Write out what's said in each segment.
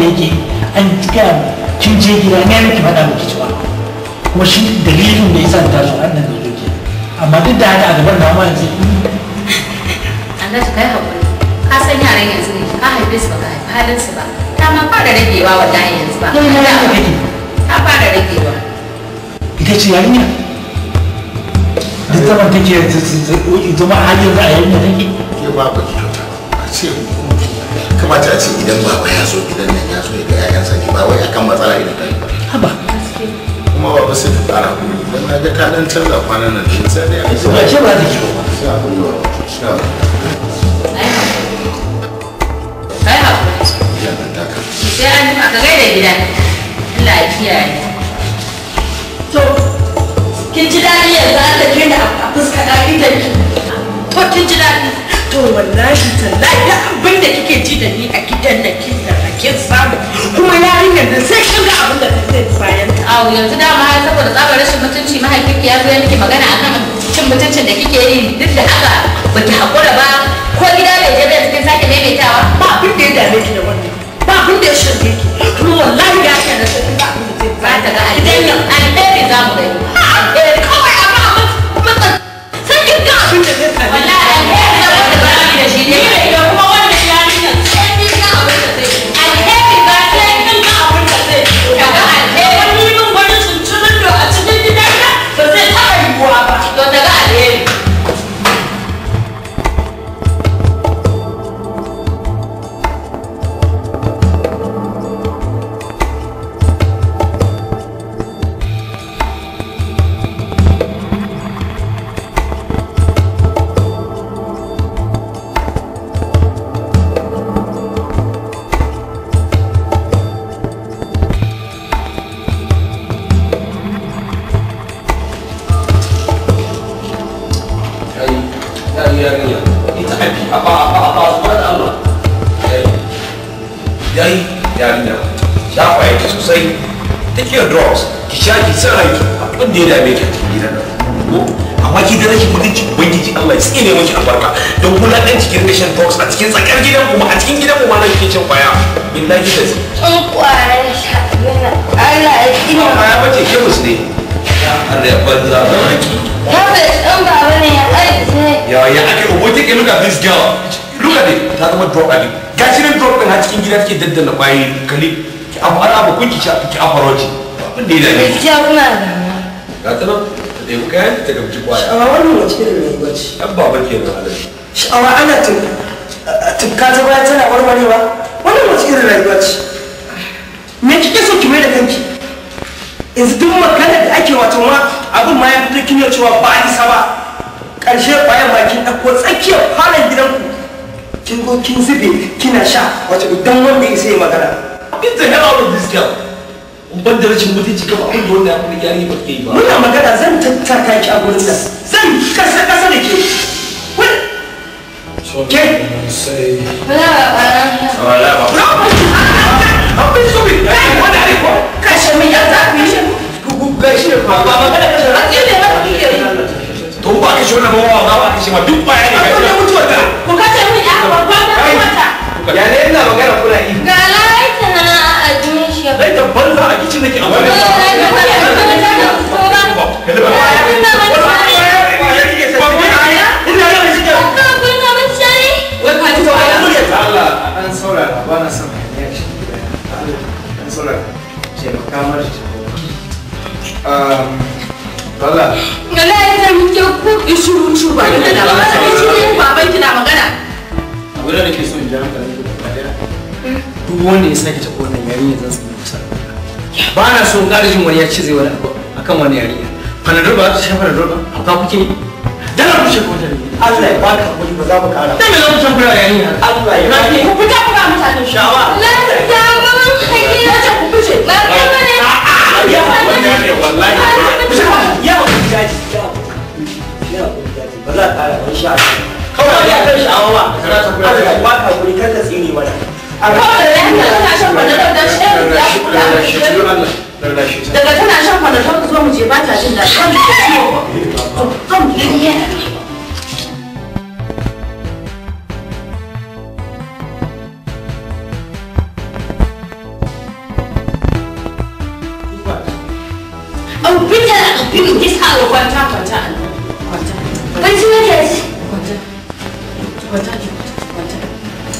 da yake an tuka kin je gida ne ki faɗa miki cewa kuma shi dalilin da yasa ta zo an nan zo amma duk da haka a gaban na ma yanzu Allah ta kai hakuri ka san yaran yanzu ne ka haife su ba ka haifi halin su ba ta ma fara ragewa wallahi yanzu ba ta fara ragewa ita ce yarinya duk zaman take zama yanzu da a yarinya take ke ba ba ki a ce mu kamata a ce idan baba ya zo gidan nan ya zo ya ga ƴaƴansa ne ba wai akan matsala idan ta yi haba kuma baba sai ta fara kuma idan na ga ta dan canza kwanan nan shi sai dai a ce ba ce ba take ba sai a kuma ba kai hakuri ya ban taka sai an ji ka gaida gidan Allah ya kiyaye to kin ji dadi yanzu aka kira a fuska da gidan to kin ji dadi to wallahi tallahi da abin da kike ji da ni a gidan da kin da kin samu kuma yarinyar nan sai kin ga abin da zai bayan ta awo yanzu ma saboda tsaba rashin mutunci mahaifinki ya zo ya miki magana akan cin mutuncin da kike yi duk da haka baki hakura ba ko gida bai je bai cikin sake maimaitawa ba abin da ya dame ki da wannan ba abin da ya shirye ki kuma wallahi ya kana sai ba abin da zai ba ta ga alheri alheri za mu gani kawai a ba mutum sai kin ga abin da zai tsare inda kika ce ya ya baba ne ya ya ake look at this girl look at it ta zama drop ali gashi nan drop din a cikin gida take daddana kwayoyi kali ki afara ba kun ki sha ki afaro ci abin da ya dace gaskiya kuna ga ta nan da dai kayan ta gamci kwaya a wannan wace ne baba kenan alaji sha'awa ana tun tukka ta baya tana warwarewa irin rayuwa ce me kike so ki mai da kanki yanzu duk makana da ake wato ma abin ma ya fito kin cewa ba a isa ba karshe bayan ma kin ɗauko tsakiyar falon gidanku kin go kin zube kina sha wato idan wanda ya sai magana abin da hell out of this girl ban da rashin mutunci kama abin da wannan abin da yari ba ke yi ba muna magana zan tattaka ki a gurin nan zan kasa kasa da ke ¿Qué? to ba ka shona ba ba ba ka shima duk baya ne ka shona mutuwa ta ko ka ce mun ya ba ba ka mata ya ne ina magana kula yi ga laita na a jin shi ba laita banza a kicin nake a wani ba ba ba ba ba ba ba ba ba ba saurara um, ba na son hanyar shi dan saurara taimaka mata ta Lala. Lala ya ta muke kuɗi shuru shuru ba da da shi ne baban ki na magana. Abin da nake so in ji hankali da ba daya. Duk wanda ya sake ta wannan yarinya zan san mutum. Ba na so ƙarjin wani ya ci zai wani akan wani yarinya. Panadol ba ta shafa da ba. Hauka kuke yi. dala mu shi godan Allah ya baka hakuri ba za mu kara dan me za mu Allah ya baka ku fita fara mutanen shawa lafiya ba mun hakki ya ce ku fice lafiya ne ya wannan ne wallahi ya jaji ya ya ba za ka kara ba insha Allah kawai ya kan shawa ba ka ta kura ya hakuri kar ka mana daga tana shan kwanata ku zo mu je ba ta jin daɗi wanda ke ciwo ba to mu gani Kwanta, kwanta, kwanta.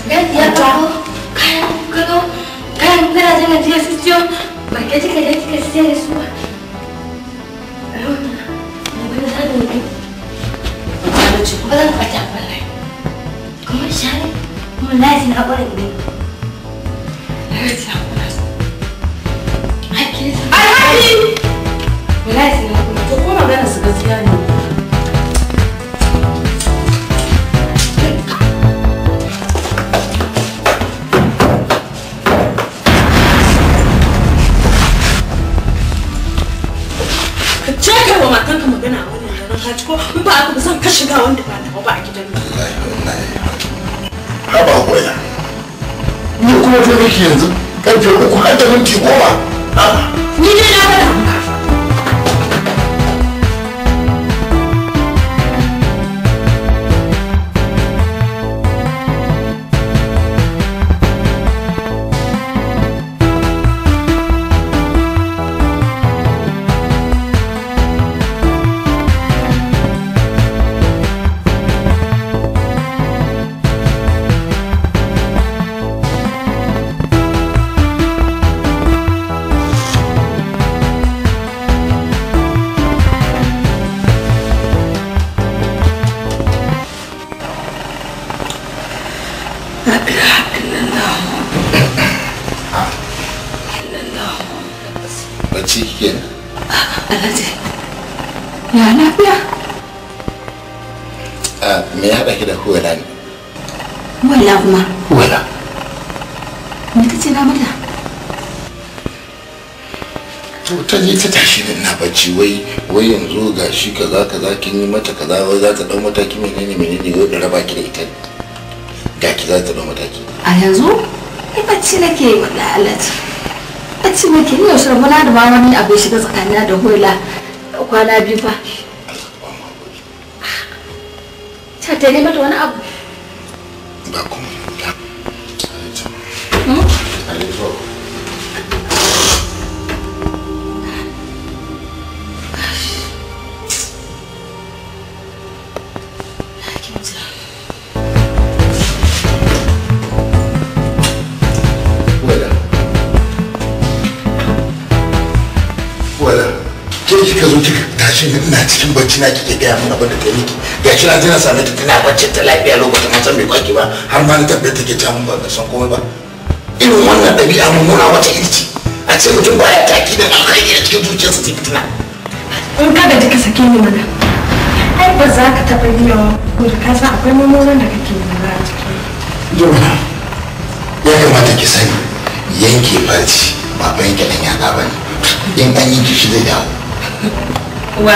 Gaskiya ba. gado kayan garajen ajiya su maka magana a wannan daren haji ko in ba haka ba zan kashe shiga wanda ba nawa ba a gidan nan. Haba koya. Ni kuma ta miki yanzu karfe uku har da minti goma. Ni dai na wai wai yanzu ga shi kaza kaza kin yi mata kaza wai za ta dau mataki menene menene wai da raba ki da ita ga ki za ta dau mataki a yanzu ai bacci nake yi wala alaji bacci nake yi yaushe mun da ba wani abin shiga tsakani da hola kwana biyu fa ah. ta ta ne mata wani abu ina cikin bacci na kike gaya min abin da ta miki ga shi na ji na same ta tana bacci ta lafiya lokacin matan bai kwaki ba har ma na tabbata take ta mun ba da san komai ba irin wannan ɗabi'a mummuna wata irci a ce mutum baya taki da alkhairi a cikin zuciyarsa sai fitina in ka gaji ka sake ni mana ai ba za ka taɓa yi wa da ka san akwai mummunan da kake yi a cikin jona ya kamata ki sani yanke farci ba bayan ɗan yaɗa ba ne in an yi uwa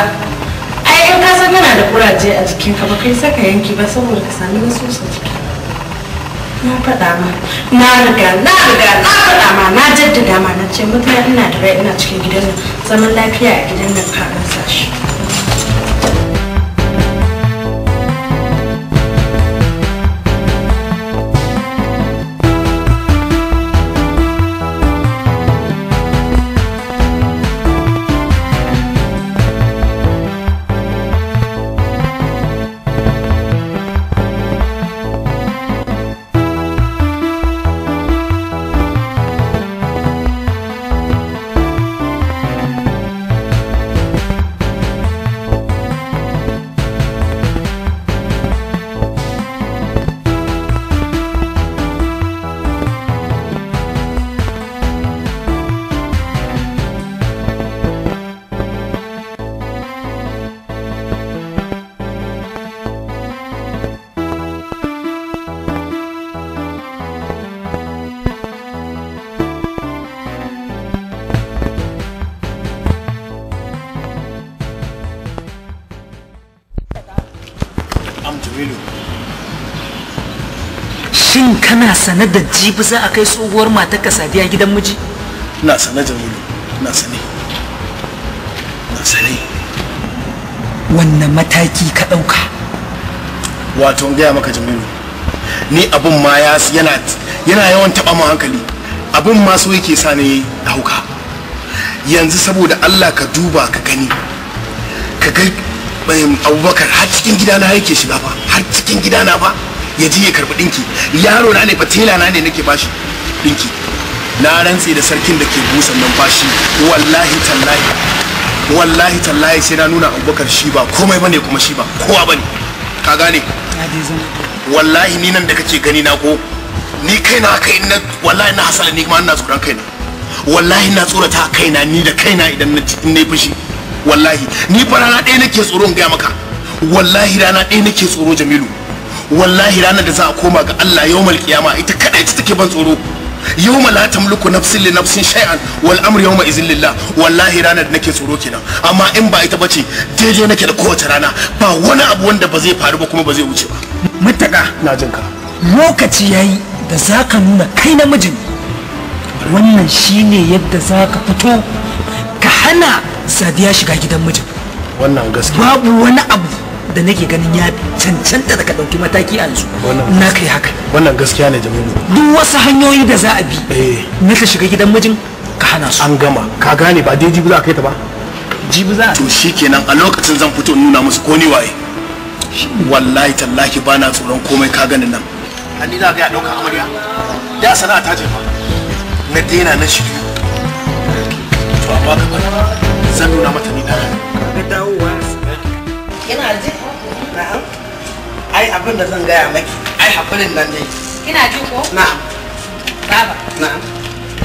ai in ka san yana da kuraje a jikinka ba kai saka yanki ba saboda ka sami wasu sa jiki na faɗa ma na riga na riga na faɗa ma na jaddada ma na ce mutum ina da rai ina cikin gidan nan zaman lafiya a gidan nan ka rasa shi sane da jibi za a kai tsohuwar matar ka sadiya gidan miji ina sane jamilu ina sane ina sane wannan mataki ka ɗauka wato gaya maka jamilu ni abun ma ya yana yana yawan taɓa mu hankali abun ma so yake sa ne hauka yanzu saboda allah ka duba ka gani ka ga eh, abubakar har cikin gidana yake shiga fa har cikin gidana fa ya ji ya karbi dinki yaro na ne fatela na ne nake bashi dinki na rantse da sarkin da ke busan bashi wallahi tallahi wallahi tallahi sai na nuna abubakar shi ba komai bane kuma shi ba kowa bane ka gane wallahi ni nan da kake gani na ko ni kaina kai na wallahi na hasala ni kuma ina tsoron kaina wallahi na tsorata kaina ni da kaina idan na cikin nayi fushi wallahi ni fa rana ɗaya nake tsoron gaya maka wallahi rana ɗaya nake tsoro jamilu wallahi ranar da za a koma ga Allah yawmal kiyama ita kadai ta take ban tsoro yawma la tamliku nafsin li nafsin shay'an wal amr yawma izin lillah wallahi ranar da nake tsoro kenan amma in ba ita bace daidai nake da kowace rana ba wani abu wanda ba zai faru ba kuma ba zai wuce ba mutaka na jin ka lokaci yayi da zaka nuna kai namijin wannan shine yadda zaka fito ka hana sadiya shiga gidan mijin wannan gaskiya babu wani abu da nake ganin ya cancanta da ka ɗauki mataki a yanzu na kai haka wannan gaskiya ne jamilu duk wasu hanyoyi da za a bi eh. na ta shiga gidan mijin ka hana su an gama ka gane ba dai jibi za a kai ta ba jibi za a to shikenan a lokacin zan fito nuna musu ko ni waye wallahi tallahi ba na tsoron komai ka gani nan hali za ga ya ɗauka amarya da sana'a ta jefa na daina na shirya to amma ka bari zan nuna mata ni ɗan ga dawowa yana ji ai abin da zan gaya maki ai hakurin nan dai kina ji ko na'am baba na'am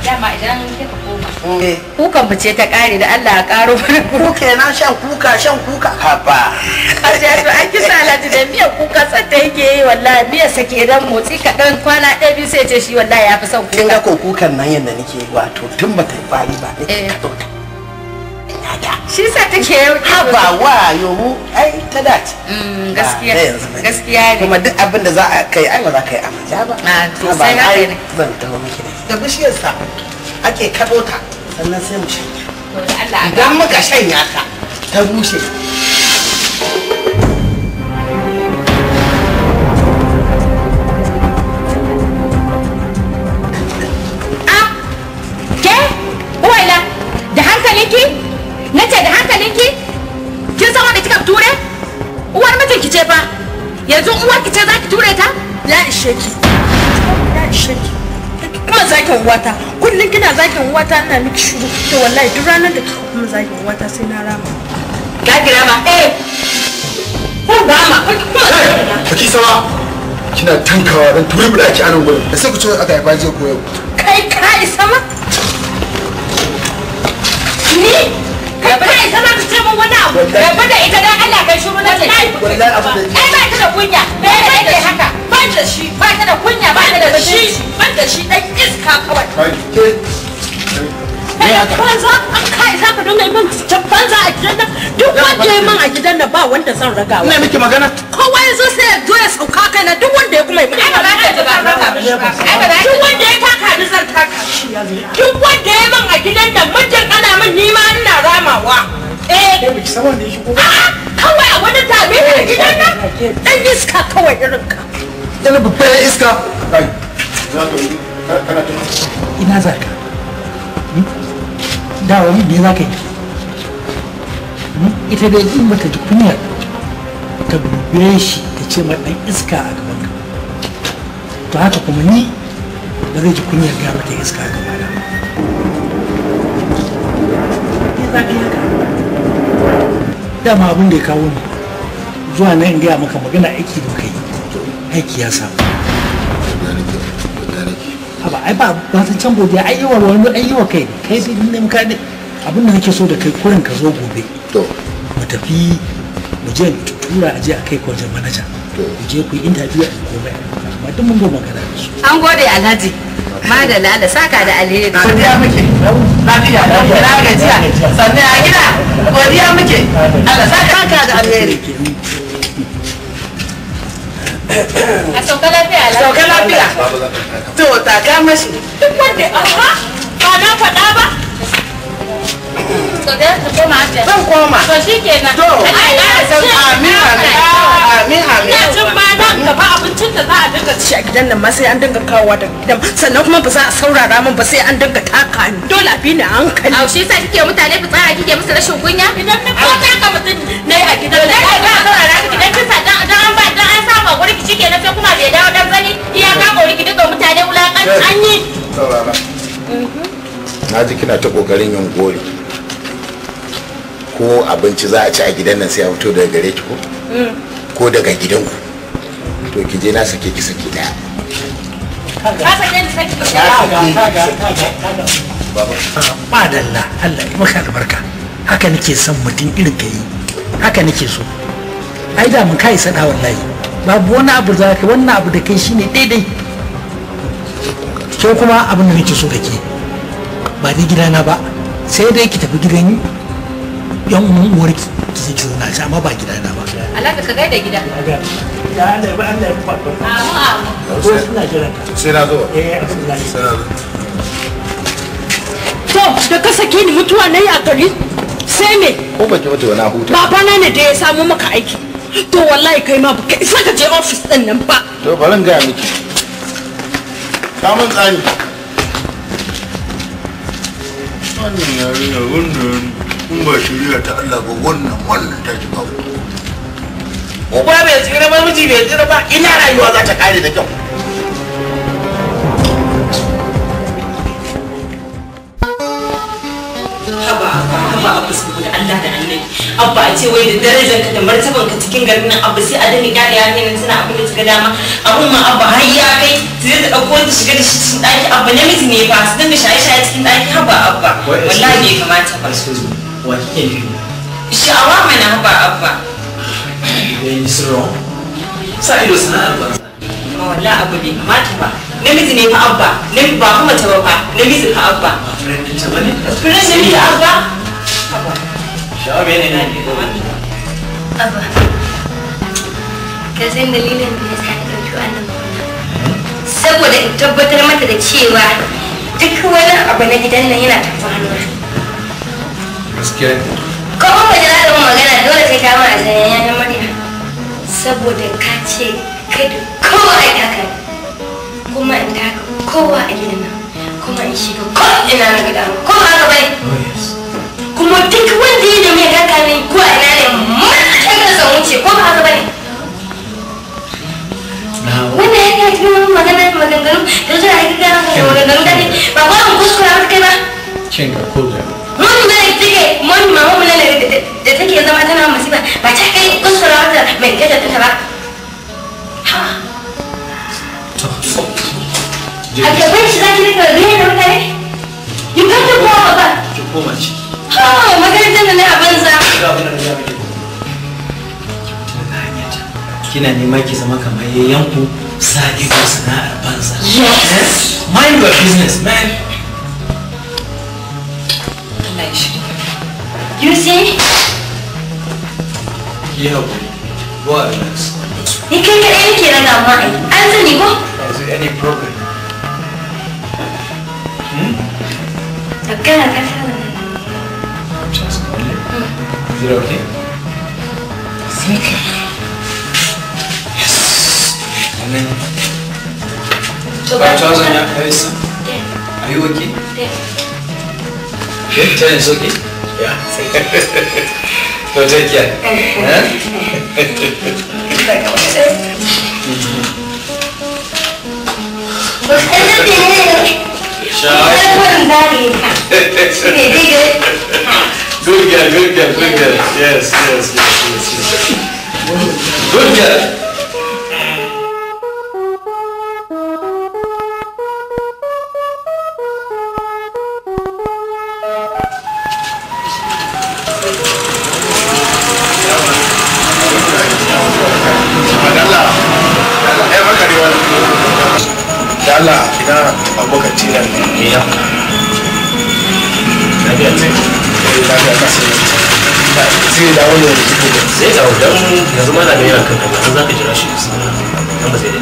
dama idan kika koma eh. kukan mu ce ta kare da Allah ya karo mana kuke na shan kuka shan kuka haba kaje to an kisa Alhaji da miya kuka ta yake yi wallahi miya sake dan motsi ka dan kwana ɗaya biyu sai ce shi wallahi ya fi son kuka kin ga ko kukan nan yanda nake wato tun bata yi fari ba ne mata shi sa take haba wa yomu ai ta dace mm, gaskiya gaskiya ne kuma duk za a kai ai ba za ka yi amaja ba ah, to da bishiyar sa ake kado ta sannan sai mu shanya idan muka shanya ta ta bushe ah, ki. na ce da hankalinki kin san wanda kika ture uwar mijin ki ce fa yanzu uwar ki ce za ki ture ta ya ishe ki ya ishe ki kuma zakin wata kullum kina zakin wata ina miki shiru to wallahi duk ranar da kika kuma zakin wata sai na rama ga ki rama eh ko rama ko ki sama kina tankawa dan mu da ake anan gurin da sai ku ce aka haifa jiya ko yau kai ka sama ni rabu da ita za ku ce wani abu rabu da ita dan Allah kai shiru na ce da ai ba ta da kunya me ya rage haka ba da shi ba ta da kunya ba ta da shi ba da shi dan iska kawai banza kai za ka dinga min za a gidan nan duk wanda ya man a gidan nan ba wanda zan wa. ina miki magana kowa yazo sai ya zo ya sauka kai na duk wanda ya kuma yi ai ba za ka ji ba duk wanda ya taka ni zan taka duk wanda ya min a gidan nan mutum ana min ni ma ina ramawa eh ne biki saman da ya shigo kawai a wani tabi ne a gidan nan dan iska kawai irin ka yana babbar iska ina za ka hmm? dawa yi ne za ka yi ita dai in bata ji kunya ta dube shi ta ce mai dan iska a gaban ka to haka kuma ni ba zai ji kunyar ga mata iska a ka dama abin da ya kawo ni zuwa nan in gaya maka magana aiki da kai aiki ya samu haba ai ba ba ta can godiya ai yiwa wani ai yiwa kai kai sai ne muka ne abin da nake so da kai kurin ka zo gobe to mu tafi mu je tura aje a kai kwaje manaja to mu je ku interview a gobe amma duk mun ga magana an gode alhaji madalla Allah saka da alheri godiya muke lafiya lafiya na gajiya sannan a gida godiya muke Allah saka da alheri a sauka lafiya sauka lafiya na faɗa ba Amin amin. ma nan a a gidan nan ma sai an daga sannan kuma ba za a saurara min ba sai an dinga taka ni. Dole a bi ni hankali. Au shi yasa kike mutane fitsara kike musu rashin kunya? Idan na ko taka mutum ne a gidan nan. saurara kike shike na sai kuma bai dawo dan zani iya ka ki mutane wulakan mhm. na ji kina ta kokarin yin gori ko abinci za a ci a gidan nan sai a fito daga gare ki ko mm. ko daga gidanku to ki je na sake ki saki daya ka sake ni saki daya ah, madalla Allah ya maka albarka haka nake son mutum irin ka yi haka nake so ai da mun kai sana wallahi babu wani abu da ka wannan abu da kai shine daidai kyau kuma abin da nake so da ke ba dai na ba sai dai ki tafi gidan yan uwan uwar ki ki ji na ci amma ba gida na ba alaka ka gaida gida ya Allah ya ba Allah ya ba amu amu suna jira ka sai na zo eh sai na to da ka sake ni mutuwa nayi a gari sai me ko ba ki mutuwa na huta baba na ne da ya samu maka aiki to wallahi kai ma baka isa ka je office din nan ba to bari in gaya miki mun tsani wannan yarinya wannan kun ba shirya ta Allah ba wannan wannan ta shiga uba bai tsira ba miji bai tsira ba ina rayuwa za ta kare da kyau haba abba abba su da Allah da annabi abba a ce wai da darajar ka da martaban ka cikin garin nan abba sai a dani da ya ne suna abin da suka dama abun ma abba har ya kai sai zai ta dauko ta shiga da shi cikin daki abba ne miji ne fa su dinga shaye shaye cikin daki abba abba wallahi bai kamata ba wa kike nufi sha'awa mana haba abba yayin sirro sai ido sana'ar ba wallahi abu bai kamata ba namiji ne fa abba ne ba kuma ta ba fa namiji fa abba friend namiji abba Haba. Shawar yana ne gobe. Abba. Ka san dalilin da ya sa ni ɗauki wannan gona. Saboda in tabbatar mata da cewa duk wani abu na gidan nan yana tafi hannuna. Gaskiya ne. Kuma ba jira da magana dole sai ta mana zanen yanar murya. Saboda ka ce kada kowa ya haka kuma in da haka kowa a gidan nan kuma in shiga ko ina na gida ko haka bai. Oh yes. kuma duk wanda ya domin ya ganka ne ko a ina ne mutum da san wuce ko ba haka bane wannan ya kai cikin magana da maganganu da zuwa ya kai gara maganganu da ne ba ko an kuskura ba kai ba cin ka ko da mun da tike mun ma mun ne da take zama tana masifa ba ta kai kuskura ta mai gaja ta ba a gaban shi zaki rika gani da mutane you can't do more koma that To, oh, makarantar a Kina nema ki zama kamar yayyanku sa'i ko sana'ar banza. Yes. Mind your business, man. You see? Ki haƙuri. Go out Ni kai kaɗai nake na damuwa ai. An sani ko? Is there any problem? Hmm? Is it okay? It's okay. Yes. Amen. Bachelor's on your face. Are you okay? Yeah. Okay, tell it's Good girl, good girl, good girl. Yes, yes, yes, yes, yes. Good girl. sai da wani da suke da sai ga wajen yanzu ma na ga yana kan kan za ka jira shi sai ba zai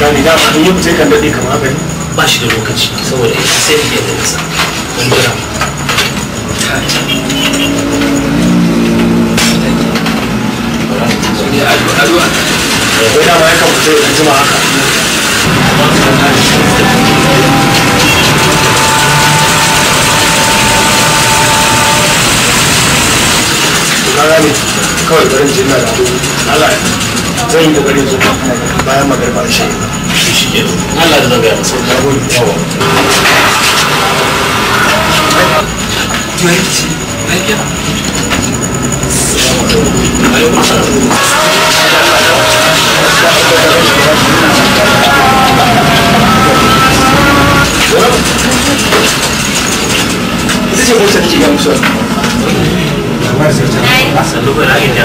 misali dama in yi fice kan daɗe kamar haka ba shi da lokaci saboda ita sai da yadda nasa don jira Wai dama ya kan fito da jima haka. kawai barin jina da abu. Allah ya zan yi kokarin zo bayan magarba shi shi ke Allah da zan gaya na gode yawa Ita ce bolsa da ke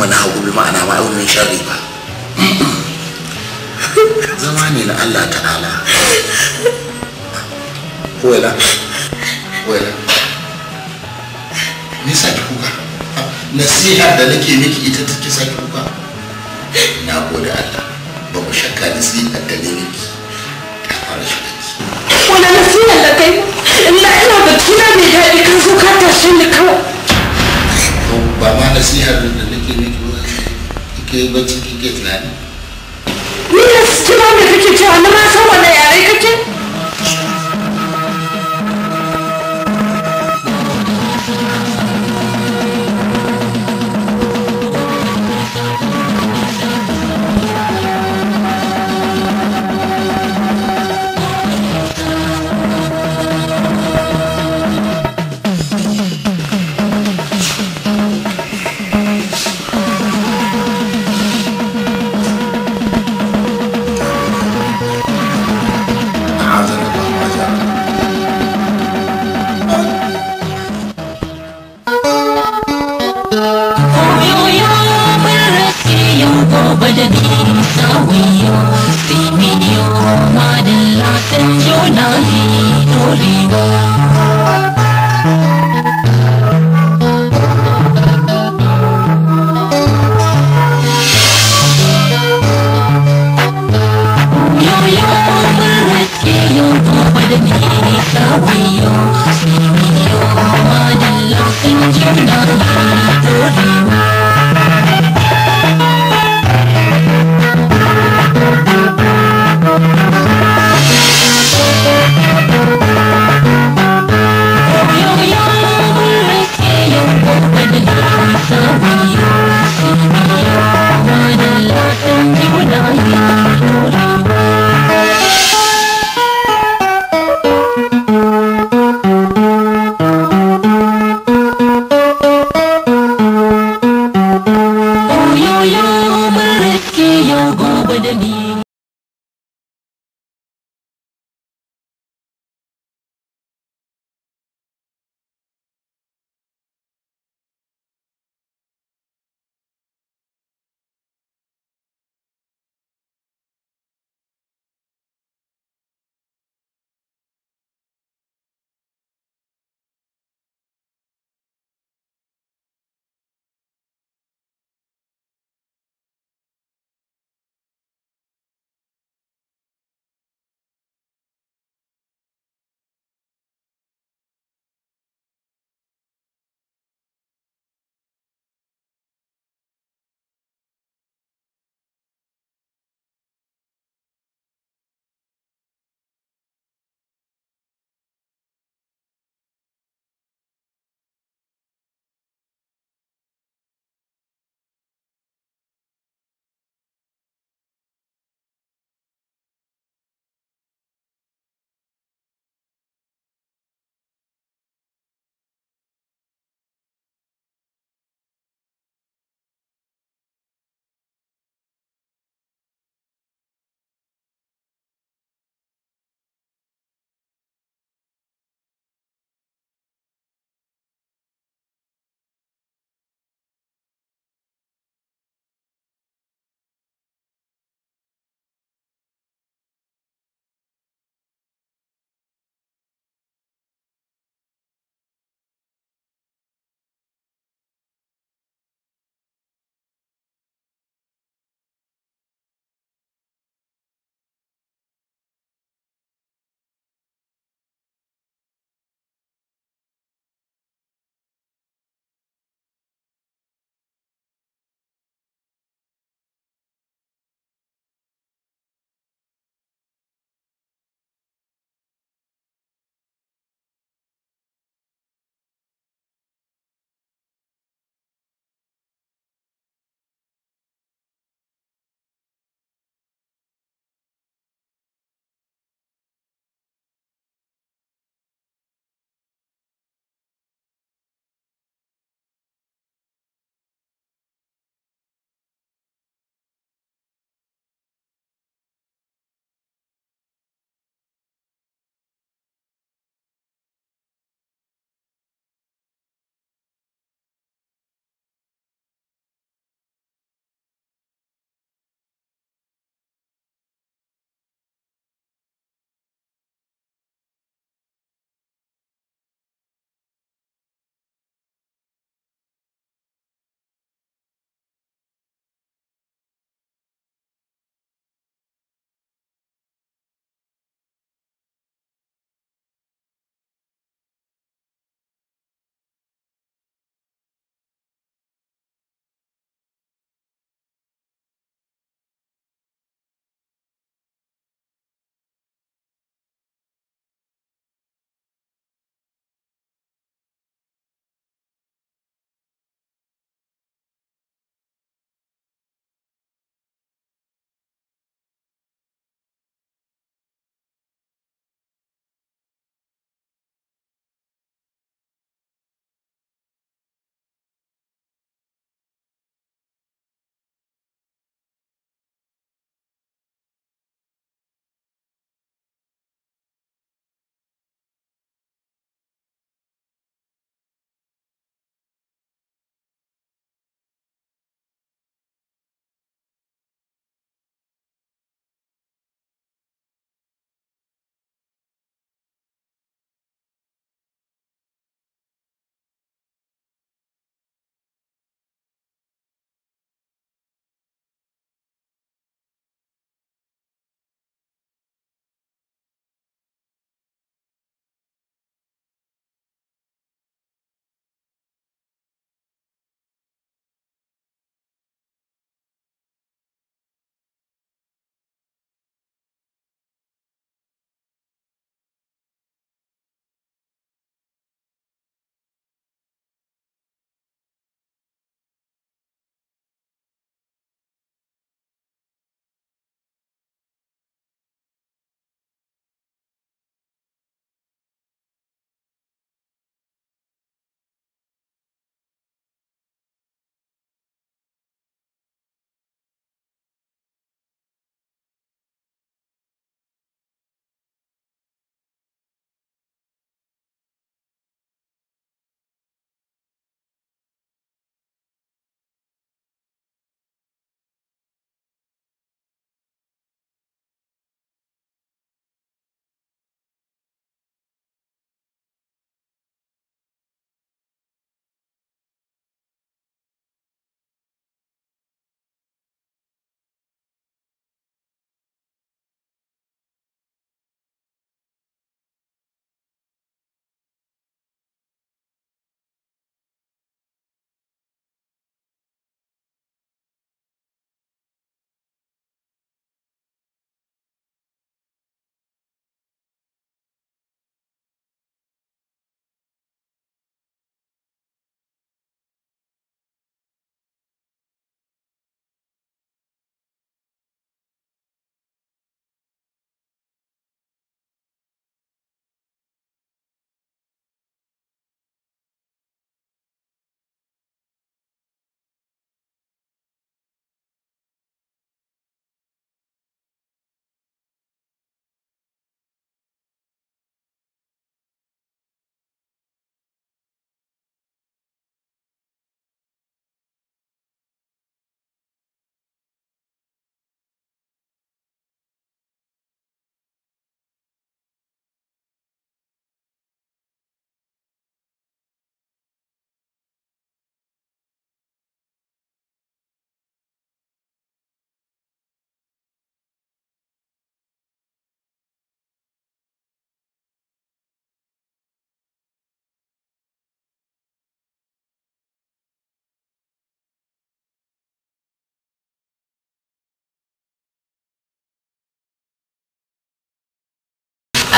mana hagu bi ma'ana ma min sharri ba zama ne na Allah ta'ala wela wela nisa ki kuka nasiha da nake miki ita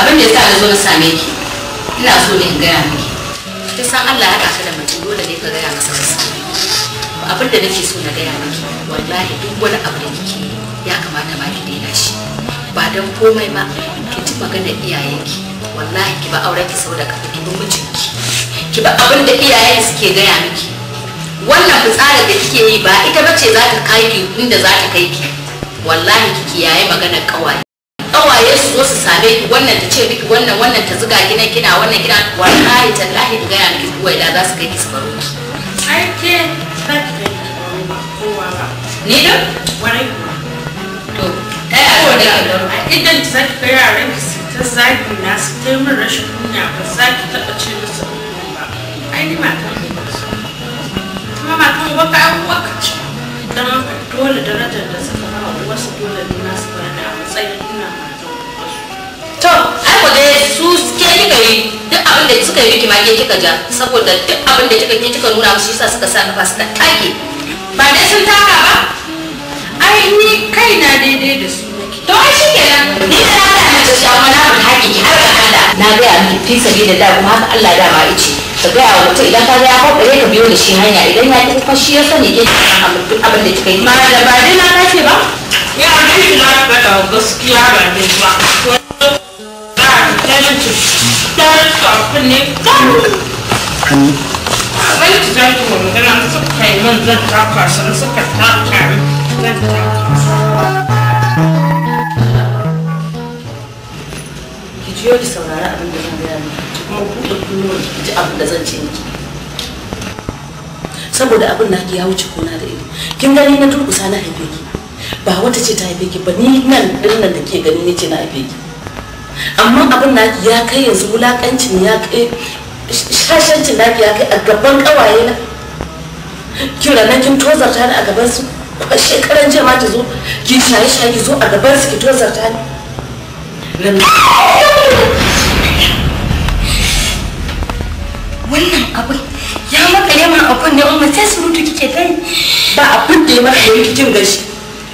abin da sa na zo na same ki ina so ne in gaya miki kin san Allah ya kashi da mutum dole ne ka gaya masa gaskiya abin da nake so na gaya miki wallahi duk wani abu da kike ya kamata ma ki daina shi ba dan komai ba ki ji magana iyayenki wallahi ki ba auren ki saboda ka ki bin mijinki ki ba abin da iyayen suke gaya miki wannan fitsarin da kike yi ba ita bace za ta kai ki inda za ta kai ki wallahi ki kiyaye maganar kawai kawaye su zo su same ki wannan ta ce miki wannan wannan ta zuga gina kina wannan kina wallahi tallahi in gaya miki kuwa da za su kai ki su baro ki ai ke ba ki da kowa ba ni da warai to ta yi a da idan za ki ga yaran ki su ta zagi na su ta min rashin kunya ba za ki taɓa ce musu ba ai ni mata ne kuma ma ba ka abubuwa ka ce don dole darajar da suka ba wasu dole ne na su ba da a matsayin ina to ai ku dai su ke kika yi duk abin da suka yi miki ma ke kika ja saboda duk abin da kika ke kika nuna musu yasa suka sa nufa da take ba dai sun taka ba ai ni kai na daidai da su to ai shi nan ni da na ta mace shi amma na ba haƙi har ga da. na ga ya miki fi sabi da da kuma haka Allah dama yace ka ga wa mutum idan ka ga ya kwakwale ka biyo da shi hanya idan ya ta kwashi ya sani ke kika duk abin da kika yi ma da ba dai na kace ba ya abin da na faɗa gaskiya ba dai ba zalunci zalunci abin ne zalunci zalunci zalunci wa magana suka yi man zan taka su suka taka zan taka ki jiyo ki saurari abin da zan gaya miki ki kuma buɗe kullum ki ji abin da zan ce miki saboda abin na ki ya wuce kuna da ido kin gani na durkusa na haife ki ba wata ce ta haife ki ba ni nan dinnan da ke gani ne ce na haife ki amma abin na ya kai yanzu wulakancin ya kai shashancin na ya kai a gaban kawaye na kira na kin tozarta ni a gaban su shekaran jiya ma ta zo ki shaye shaye ki zo a gaban su ki tozarta ni wannan abin ya makale mana abin kunne umma sai rutu kike kai ba abin da ya maka da gashi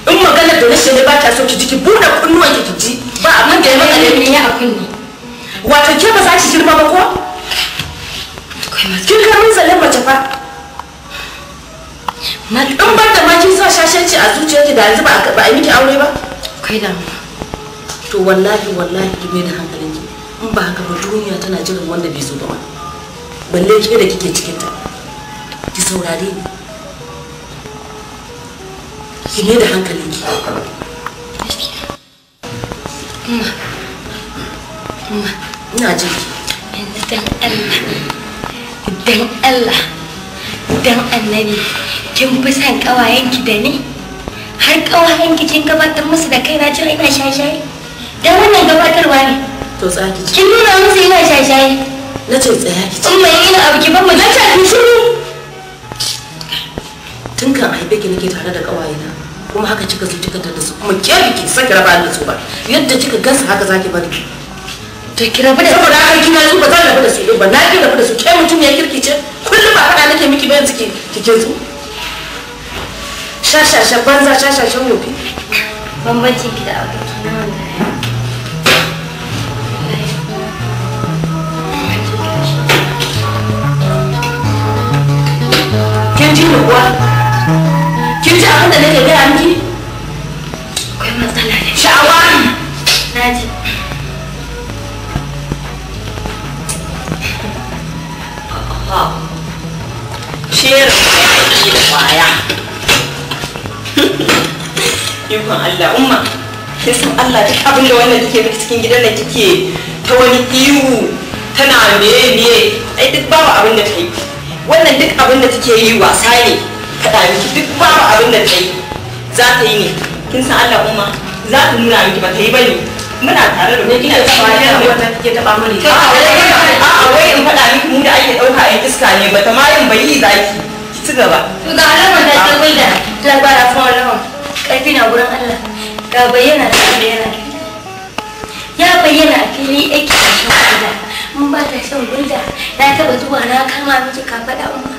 in magana da rashin ba ta so ki ji ki buɗe kunnuwan ki ji ba abin da ya maka da ni ya akun ne wato ke ba za ki girma ba ko kin ga mun zalle mace fa na in ban da ma kin sa shashanci a zuciyarki da yanzu ba ba a miki aure ba kai da to wallahi wallahi ki mai da hankalinki in ba haka ba duniya tana jiran wanda bai zo ba wani balle ke da kike cikin ta ki saurare ni ki mai da hankalinki ina jin yanzu Allah dan annabi kin fi son kawayenki da ni har kawayenki kin gabatar musu da kai cewa ina shashaye dan wannan gabatarwa ne to tsaki kin nuna musu ina shashaye na ce tsaya ki ce mai ina abu ki ban mu na ce ki shiru tun kan haife ki nake tare da kawayena kuma haka kika zo kika tada su kuma ke biki san kira raba da su ba yadda kika gasa haka zaki bari to kira rabu saboda haka kina zuwa ba zan rabu da su ba na kira rabu da su kai mutum ya kirkice kullum ba faɗa nake miki ba yanzu ki kike sha sha banza shashashen yofi bambancin ki da aboki na wanda Kin ji kuwa? kin ji abin da nake gaya miki akwai matsala ne sha'awa naji Shirin kwaya ke da kwaya. Ikon Allah, umma, kin san Allah duk abin da wannan kike miki cikin gidan nan kike ta wani ihu tana meye meye ai duk babu abin da ta yi. Wannan duk abin da take yi wasa ne. kada miki duk babu abin da ta yi za ta yi ne kin san Allah umma za ta nuna miki ba ta yi bane muna tare da kina da ba da wata ke taba mani a a wai in faɗa miki mu da ake ɗauka yan iska ne ba ta mayin bai yi zaki ki ci gaba to ga alamar da ta gwida ta bara fa alamar karfi na gurin Allah ga bayyana ta bayyana ya bayyana a fili yake a shan gwida mun ba ta shan gwida na taba zuwa na kama miki ka faɗa umma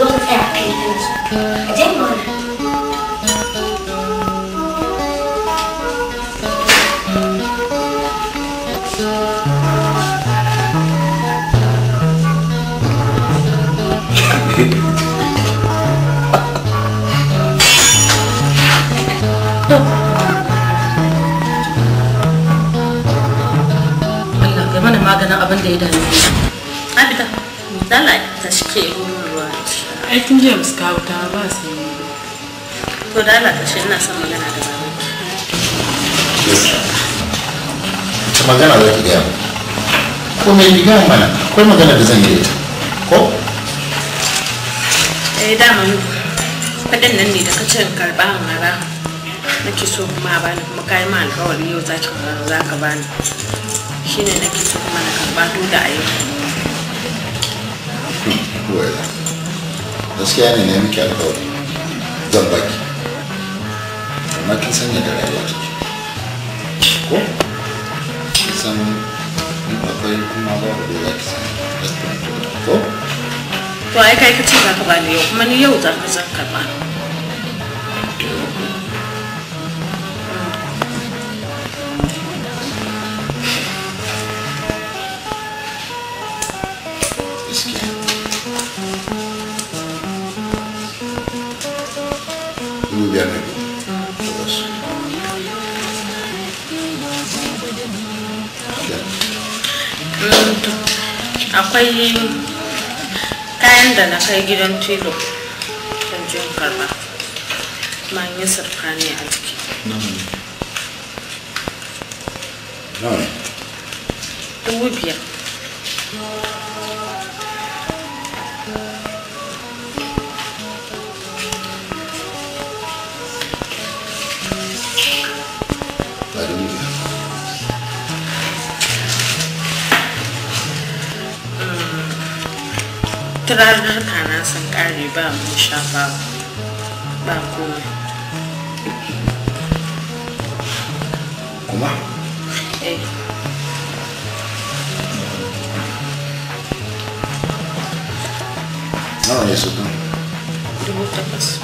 doet het echt niet. Ik denk maar. mana maganin abin da ya dame. Abita, dala ta shi ke ai tun jiya ba su kawo ta ba su yi to da Allah ta ce ina son magana da baba ta magana za ki gaya ko mai ki gaya mana ko magana da zan yi ta ko eh dama faɗin nan ne da ka ce karɓa mara nake so kuma bani kuma kayi ma alkawari yau za za ka bani shine nake so kuma na karɓa duk da a yau hmm, gaskiya ne na miki alkawari zan baki amma kin sanya da rayuwa ciki ko san in akwai kuma ba da dole ki sani ko to ai kai ka ce za ka ba ni yau kuma ni yau za ka zan karba yani. akwai kayan da na kai gidan tilo don jin karba manyan sarka ne a jiki dubu biyar turarurruka na sun kare ba mu shafa ba komai kuma? eh nawa ne su dubu takwas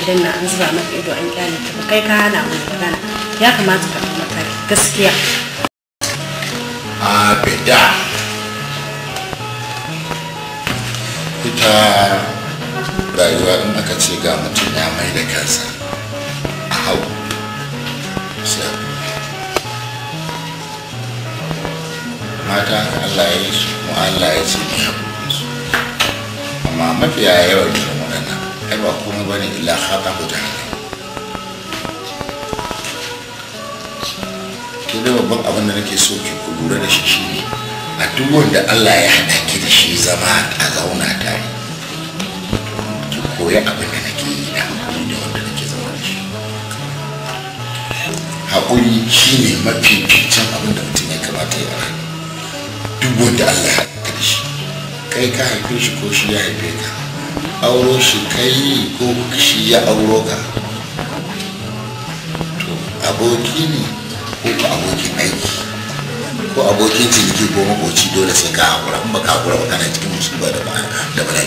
gidan na an zuba maka ido an kyale ta ba kai ka hana mu magana ya kamata ka kuma mataki gaskiya a beda ita rayuwa in aka ce ga mutum ya mai da kansa a hau mata Allah ya yi su kuma Allah ya ce ne ya amma mafiya yawan ai ba komai bane illa khata guda ke da babban abin da nake so ki ku lura da shi shine a duk wanda Allah ya hada ki da shi zama a zauna yi. ki koyi abin da nake yi da hakuri da wanda nake zama da shi hakuri shine mafi fitan abin da mutum ya kamata ya duk wanda Allah ya hada da shi kai ka haifi shi ko shi ya haife ka auro shi kai ko shi ya auro ka to aboki ne ko ko abokin aiki ko abokin ciniki ko makoci dole sai ka hakura in baka hakura ba kana cikin musulma da ba da ba da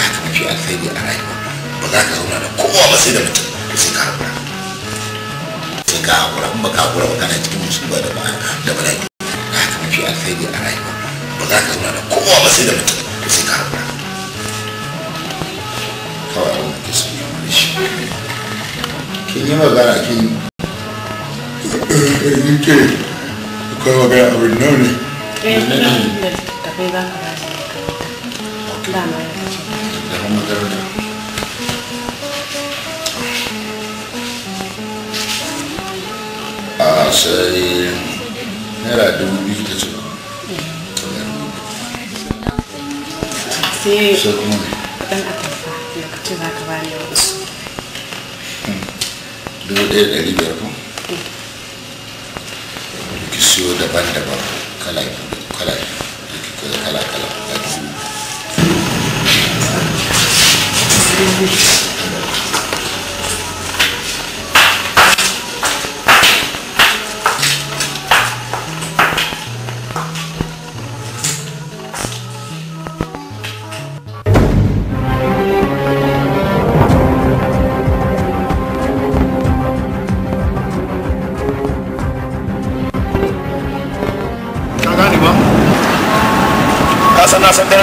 haka mafi alfaidi a rayuwa ba za ka zauna da kowa ba sai da mutum sai ka hakura sai ka hakura in baka hakura ba kana cikin musulma da ba da ba da haka mafi alfaidi a rayuwa ba za ka zauna da kowa ba sai da mutum Havaalanına kesinlikle Kendime ben hakim dedim ki bu kadar ben abinone. A sai naira dubu biyu da cikin sai kuma ne. to la caballos. Dubu ɗaya ɗari biyar ko? Ki siyo daban-daban kala kala kala kala. Thank you.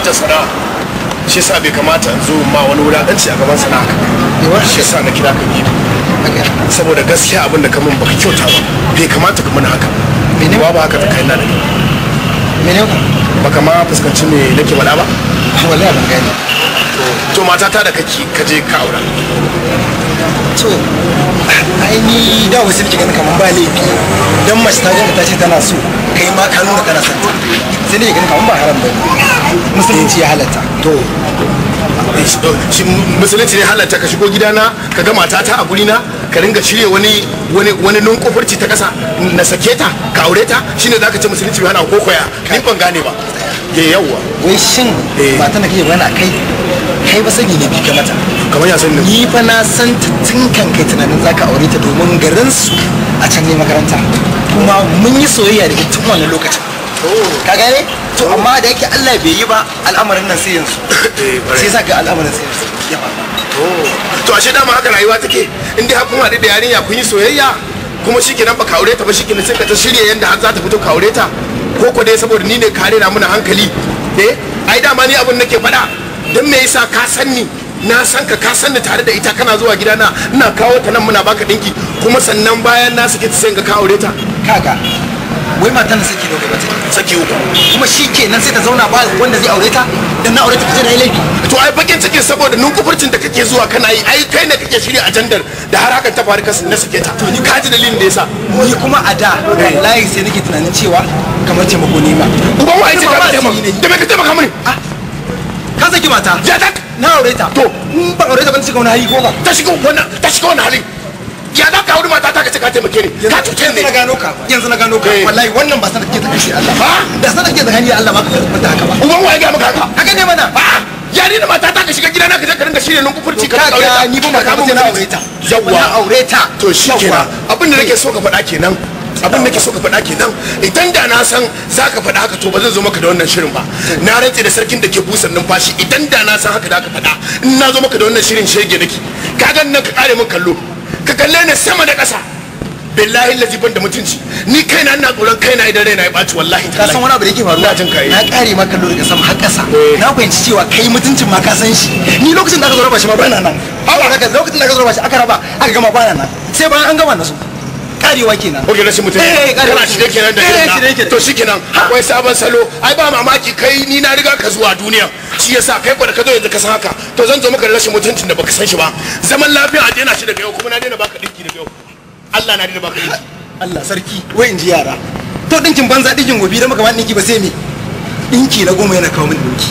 kamata sana shi sa bai kamata in zo ma wani wulaƙanci a gaban sana'a ka shi sa na kira ka gefe saboda gaskiya abin da ka min baka kyauta ba bai kamata ka haka wa ba haka ta kai na da mene ka baka ma fuskanci me nake wala ba wallahi ban gani to mata ta da kake ka je ka aura to aini da wasu kike ganin kamun ba laifi dan mace ta ga ta ce tana so kai ma ka nuna kana son ba haram bane musulunci ya halatta to musulunci ne halatta ka shigo gidana ka ga ta a gurina ka ringa shirye wani wani wani nunkufurci ta kasa na sake ta ka aure ta shine zaka ce musulunci bai hana ko koya ni ban gane ba ya eh, yawa wai shin eh. matan da kake magana kai kai ba sani ne bi ka mata kamar ya sani ni fa na san ta tun kan kai tunanin zaka aure ta domin garin su a can ne makaranta kuma mun yi soyayya da ita tun wannan lokacin ka gane to amma da yake Allah bai yi ba al'amarin nan sai yanzu eh, sai sa ga al'amarin sai yanzu ya to ashe dama haka rayuwa take in dai kun da yarinya kun yi soyayya kuma nan baka aure ta ba shikenan sai ka ta shirya yanda har za ta fito ka aure ta ko ko dai saboda ni ne kare na muna hankali eh ai dama ni abin nake faɗa dan me yasa ka san ni na san ka ka san ni tare da ita kana zuwa gidana ina kawo ta nan muna baka dinki kuma sannan bayan na saki ta sai ka aure ta kaga wai mata na saki nawa ba ta saki uku kuma shi nan sai ta zauna ba wanda zai aure ta dan na aure ta kace na yi laifi to ai bakin cikin saboda nun kufurcin da kake zuwa kana yi ai kai ne kake shirya ajandar da har hakan ta faru kasan na sake ta ka ji dalilin da yasa ni kuma a da wallahi sai nake tunanin cewa kamar mako ne ma uban wai ce kamar mako da me ka taimaka mini ah, ka saki mata ya tak na aure ta to ba aure ta ban shiga wani hali ko ba ta shiga wani ta shiga wani hali ya za ka wuri mata ta ka ce ka taimake ni ka cuce ni na gano ka yanzu na gano ka eh. wallahi wannan ba sanar ke ta shi Allah ba da sanar ke tsakani Allah ba ka tabbata haka ba uban waye ga maka haka haka ne mana a yari da mata ta ka shiga gidana ka je ka ringa shirye nan kufurci ka aure ta ni ba mata ba na aure ta yawwa aure ta to shi kenan abin da nake so ka faɗa kenan abin da ke so ka faɗa kenan idan da na san za ka faɗa haka to ba zan zo maka da wannan shirin ba na rantse da sarkin da ke busar numfashi idan da na san haka da ka faɗa in na zo maka da wannan shirin shege nake ka ga nan ka kare min kallo ka kalle ni sama da ƙasa billahi lazi ban da mutunci ni kaina ina tsoron kaina idan raina ya ɓaci wallahi ta san wani abu da yake faruwa jin kai eh. na kare maka kallo daga sama har ƙasa eh. na fahimci cewa kai mutuncin ma ka san shi ni lokacin da aka zo raba shi ma bana nan haka lokacin da aka zo raba shi aka raba aka gama bana nan sai bayan an gama na karewa kenan ok rashin mutum eh kana shi dai nan da eh, kenan to shi kenan akwai sabon salo ai ba mamaki kai ni na riga ka zuwa duniya shi yasa kai kwa ka zo yanzu ka san haka to zan zo maka da rashin mutuncin da baka san shi ba zaman lafiya a daina shi daga yau kuma na daina baka dinki daga yau Allah na daina baka dinki Allah sarki wai in ji yara to dinkin banza dinkin gobe da maka ba dinki ba sai me dinki na goma yana kawo min dinki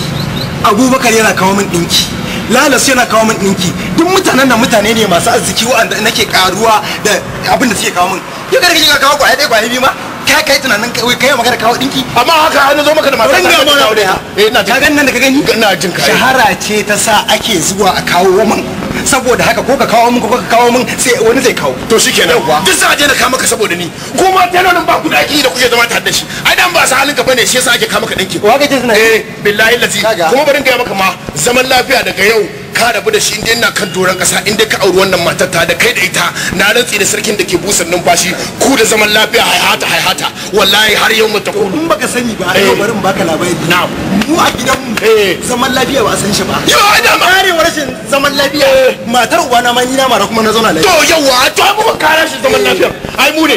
abubakar yana kawo min dinki lalas yana kawo min ɗinki duk mutanen da mutane ne masu arziki wa'anda nake karuwa da abin da suke kawo min yau kada ka kawo kwaya ɗaya kwaya biyu ma ka kai tunanin kai kai magana kawo dinki amma haka an zo maka da mata ta kawo da ha eh ina jin ka nan da ka gani ina jin kai shahara ce ta sa ake zuwa a kawo man saboda haka ko ka kawo min ko ka kawo min sai wani zai kawo to shikenan duk za a je na ka maka saboda ni ko ma nan ba ku da aiki da kuke zama tare da shi ai dan ba sa halin ka bane shi yasa ake kawo maka danki wa ga jinna eh billahi lazi kuma barin ga maka ma zaman lafiya daga yau ka rabu da shi inda yana kan doron kasa inda ka auri wannan matar ta da kai da ita na rantsi da sarkin da ke busan numfashi ku da zaman lafiya haihata haihata wallahi har yau mu ta kulu in baka sani ba ai eh. bari in baka labari na'am mu a gidan mu eh. zaman lafiya ba san shi ba yo ina ma are rashin zaman lafiya eh. matar uba na ma ni na mara kuma na zauna lafiya to yawa to mu kare shi zaman lafiya ai mu ne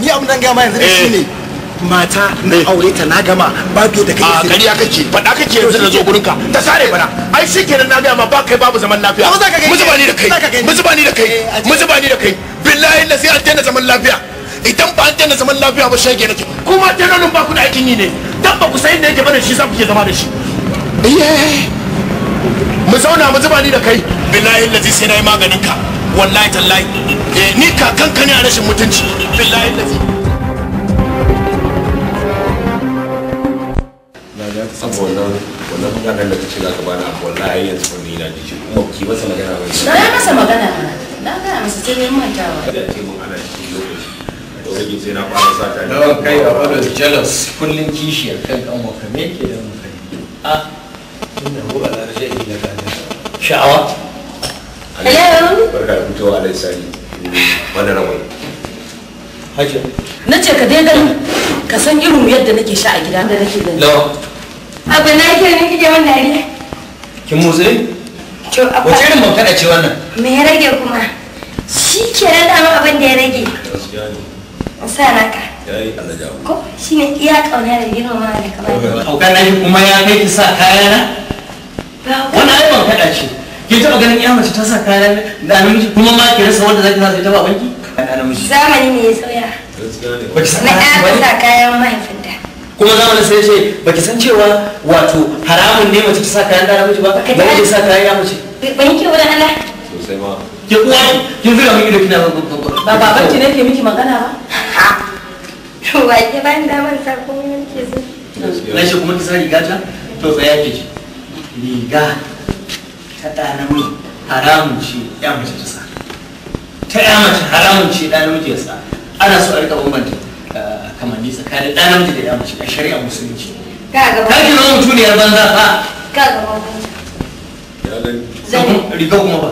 ni abun da ga ma yanzu ne mata na aure ta na gama ba babu da kai a kariya kake faɗa kake yanzu na zo gurin ka ta sare bana ai kenan na gama ba kai babu zaman lafiya mu zuba ni da kai mu zuba ni da kai eh, mu zuba ni da kai billahi na sai an tana zaman lafiya idan ba an tana zaman lafiya ba shege nake kuma terrorin ba ku da aikin yi ne dan ba ku sai ne yake bane shi za ku ke zama da shi eh. mu zauna mu zuba ni da kai billahi lazi sai na yi maganin ka wallahi tallahi eh, ni kakan ka ne a rashin mutunci billahi lazi saboda wannan mutanen da kace zaka bani abu wallahi yanzu ban yi daji shi kuma ki masa magana ba na yi masa magana na ga masa sai dai mantawa da ce mun ana shi lokaci da wani sai na fara sata ne da kai a fara jealous kullun kishi a kan dan waka me yake da mun kai a inna huwa ala rajai la kana sha'awa hello barka da fitowa alai sani wannan rawai hajiya ce ka dai gani ka san irin yadda nake sha a gida da nake gani abu na ke ne kike wani dariya kin motsi wace irin bauta ce wannan me ya rage kuma shi ke na dama abin da ya rage sa naka ko shine iya kauna da girmama da kamar kauka na kuma ya kai ki sa kaya na wani ai bauta ce kin taba ganin iya mace ta sa kaya da namiji kuma ma ki rasa wanda zaki sa ta ba banki zamani ne ya sauya na ya sa kayan mahaifa kuma zamanin sai ce baki san cewa wato haramun ne mace ta sa kayan da namiji ba ba ne sa kayan ya mace ban ke wurin Allah sosai ma ke uwa ki zira mun da kina ba ba? Ba baban ki nake miki magana ba to ba ke ban da man sa komai nake so na shi kuma ki sa riga ta to tsaya ki ji riga ta da namiji haramun ce ya mace ta sa ta ya mace haramun ce da namiji ya sa ana so a rika bambanta kamanni tsakanin ɗan namiji da ya mace a shari'a musulunci ka ki zama mutuniyar banza ba. ka gaba banza riga kuma ba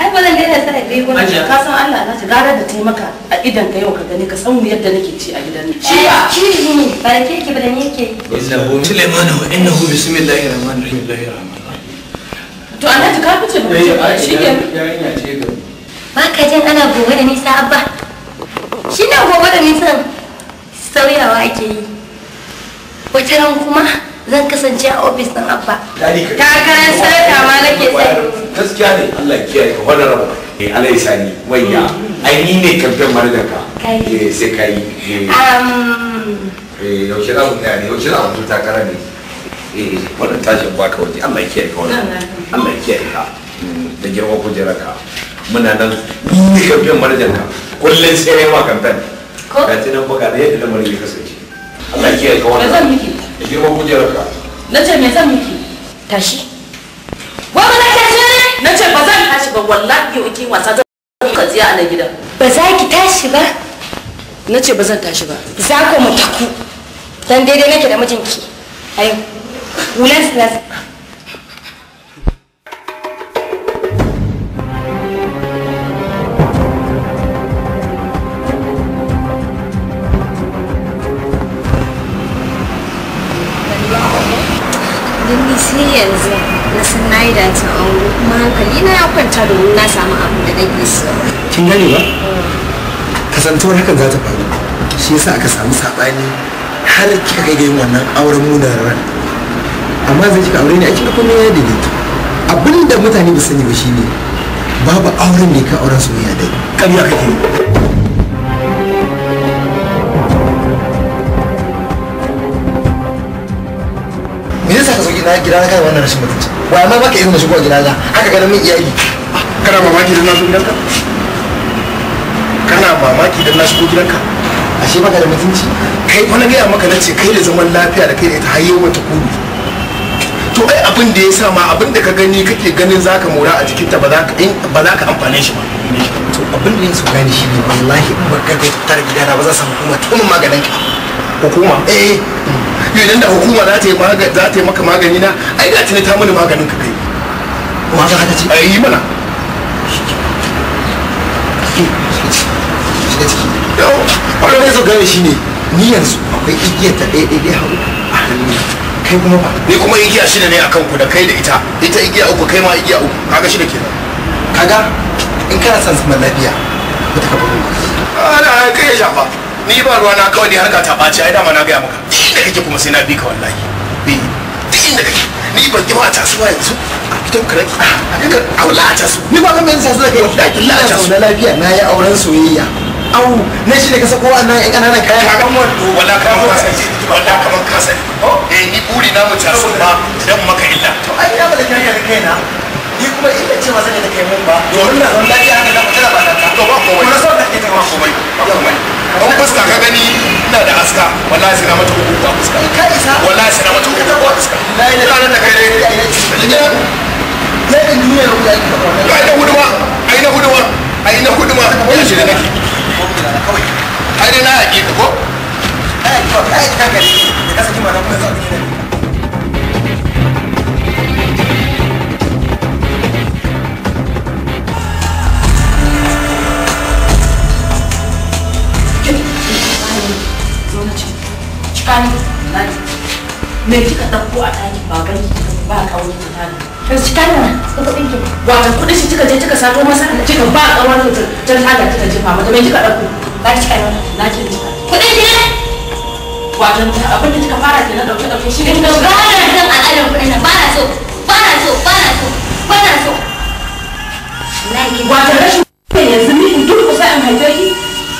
ai ba zan daina sai kai gona ka san Allah na ta gara da taimaka a idan ka yau ka gani ka san yadda nake ci a gidan nan shi shi ne barake ki bare ne yake illahu sulaimanu wa innahu bismillahir rahmanir rahim lahir rahman to annabi ka fice ba shi ke yarinya ce ga ba ka jin ana gobe da nisa abba shi ne gobe da nisan sauyawa ake yi wata ran kuma zan kasance a ofis ɗin abba takarar sarata ma ke sai gaskiya ne allah kiyaye ka wani rabu ne eh, Ala yi sani wanya ainihi ni ne kamfen manajan ka eh, sai ka yi eh. yaushe na mutu tsaya ne yaushe mutu ta kara ne eh wannan tashin baka waje allah ya kiyaye ka wani, allah ya kiyaye ka mm, da girma kujerar ka muna nan ni ne kamfen manajan ka kullum sai ne ma kamfen ka ci nan baka da yadda lamarin ya kasance Allah ya kiyaye ka wannan zan miki ya girma kujerar ka na ce me zan miki tashi gobe na tashi ne na ce ba zan tashi ba wallahi yau kin wasa zan ka tsiya a nan gidan ba za ki tashi ba na ce ba zan tashi ba za ku mu taku dan daidai nake da mijinki ai wulan sinasa mota domin na samu abin da nake so kin gane ba kasantuwar hakan za ta faru shi yasa aka samu sabani har kika kai ga yin wannan auren munar ran amma zai kika aure ne a kika ne ya daidaita abin da mutane ba sani ba shine babu auren ne ka auren soyayya dai ƙarya kake me yasa ka zo gida gida na kai wannan rashin mutunci wa amma baka izinin shigo gida na haka ganin min iyali kana mamaki don na zo gidanka kana mamaki don na shigo gidanka ashe baka da mutunci kai fa gaya maka na ce kai da zaman lafiya da kai da ita hayo mata kudu to ai abin da ya sa ma abin da ka gani kake ganin zaka mora a jikinta ba za ka ba za ka amfane shi ba to abin da ya gani shi ne wallahi in ba ka tar gidana ba za su hukuma ta maganin ka hukuma eh idan da hukuma za ta yi maka magani na ai da ta ta mini maganin ka kai ma ka haka ce ai mana wanda ne su gane shi ne ni yanzu akwai igiyar ta ɗaya ɗaya hau a hannu kai kuma ba ni kuma igiya shida ne a kan ku da kai da ita ita igiya uku kai ma igiya uku kaga shida kenan kaga in kana son zaman lafiya ba ta kafa ruwa ana kai ya shafa ni ba ruwa na kawai ne harka ta ɓaci ai dama na gaya maka duk inda kake kuma sai na bi ka wallahi bi duk inda kake ni ban ki ba ta suwa yanzu a gidan ka a wala a ta su ni ba ga mai sa su da kai wallahi na lafiya na yi auren soyayya awu ne shi ne ka sako wannan yan ƙananan kayan kakan wando wala ka mu kasance wala ka mu kasance oh. eh ni buri na mu tasu ba dan maka illa to ai na ba da kai da ni kuma illa ce ba zan da kai mun ba domin na zan da haka zan tana ba ta to ba komai kuma sauka ke ba komai ba komai an fuska ka gani ina da aska wallahi sai na mata hukuku ba fuska wallahi sai na mata hukuku ba fuska la ilaha illa kai yayin duniyar na huduma ai na huduma na huduma ya shi da nake na kawai dai na yaƙe ka ko ai ko ai kan gari da kasa kima nan mun ne Me kika ɗauko a ɗaki ba gani ba yanzu ta nan suka kuɗin shi je ba ne fara shi na son ba na so ba na so ba na so ba na so rashin yanzu in duk in haife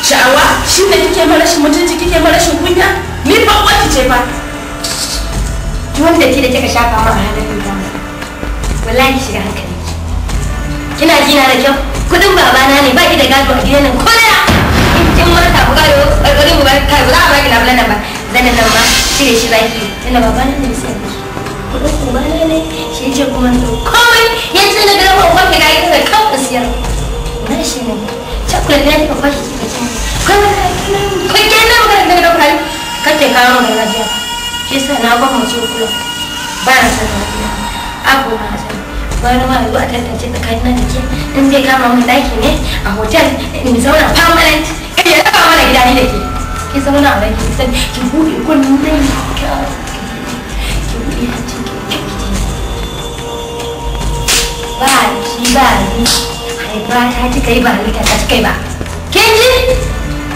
sha'awa shi ne ma rashin mutunci ma rashin kunya ni ba wanda ke da kika shafa ma a hannun wallahi shiga hankali kina ji na da kyau kudin babana ne baki da gado a gidan nan ko na in kin murta ku gado ƙarƙarin ku ba za a baki labulan nan ba zanen nan ma cire shi zaki tunda babana ne sai kudin kubana ne shi ce kuma to komai yanzu na gara ba wanda ga yake kan kusiyar na shi ne chocolate ne ka fashi kika ci kai wani ke nan ga da da kai kake kawo mai lafiya shi sa na ba mu ci kula ba na sanin lafiya abu na sani wani ma yanzu a tantance tsakanin da ke in zai kama mun daki ne a hotel in zauna permanent in ya raba mana gida ni da ke ki zauna a ranki san ki buɗe kullum dai ki buɗe hanci ki ki ba ki ba ni ba ta ci kai ba ni ta ci kai ba kin ji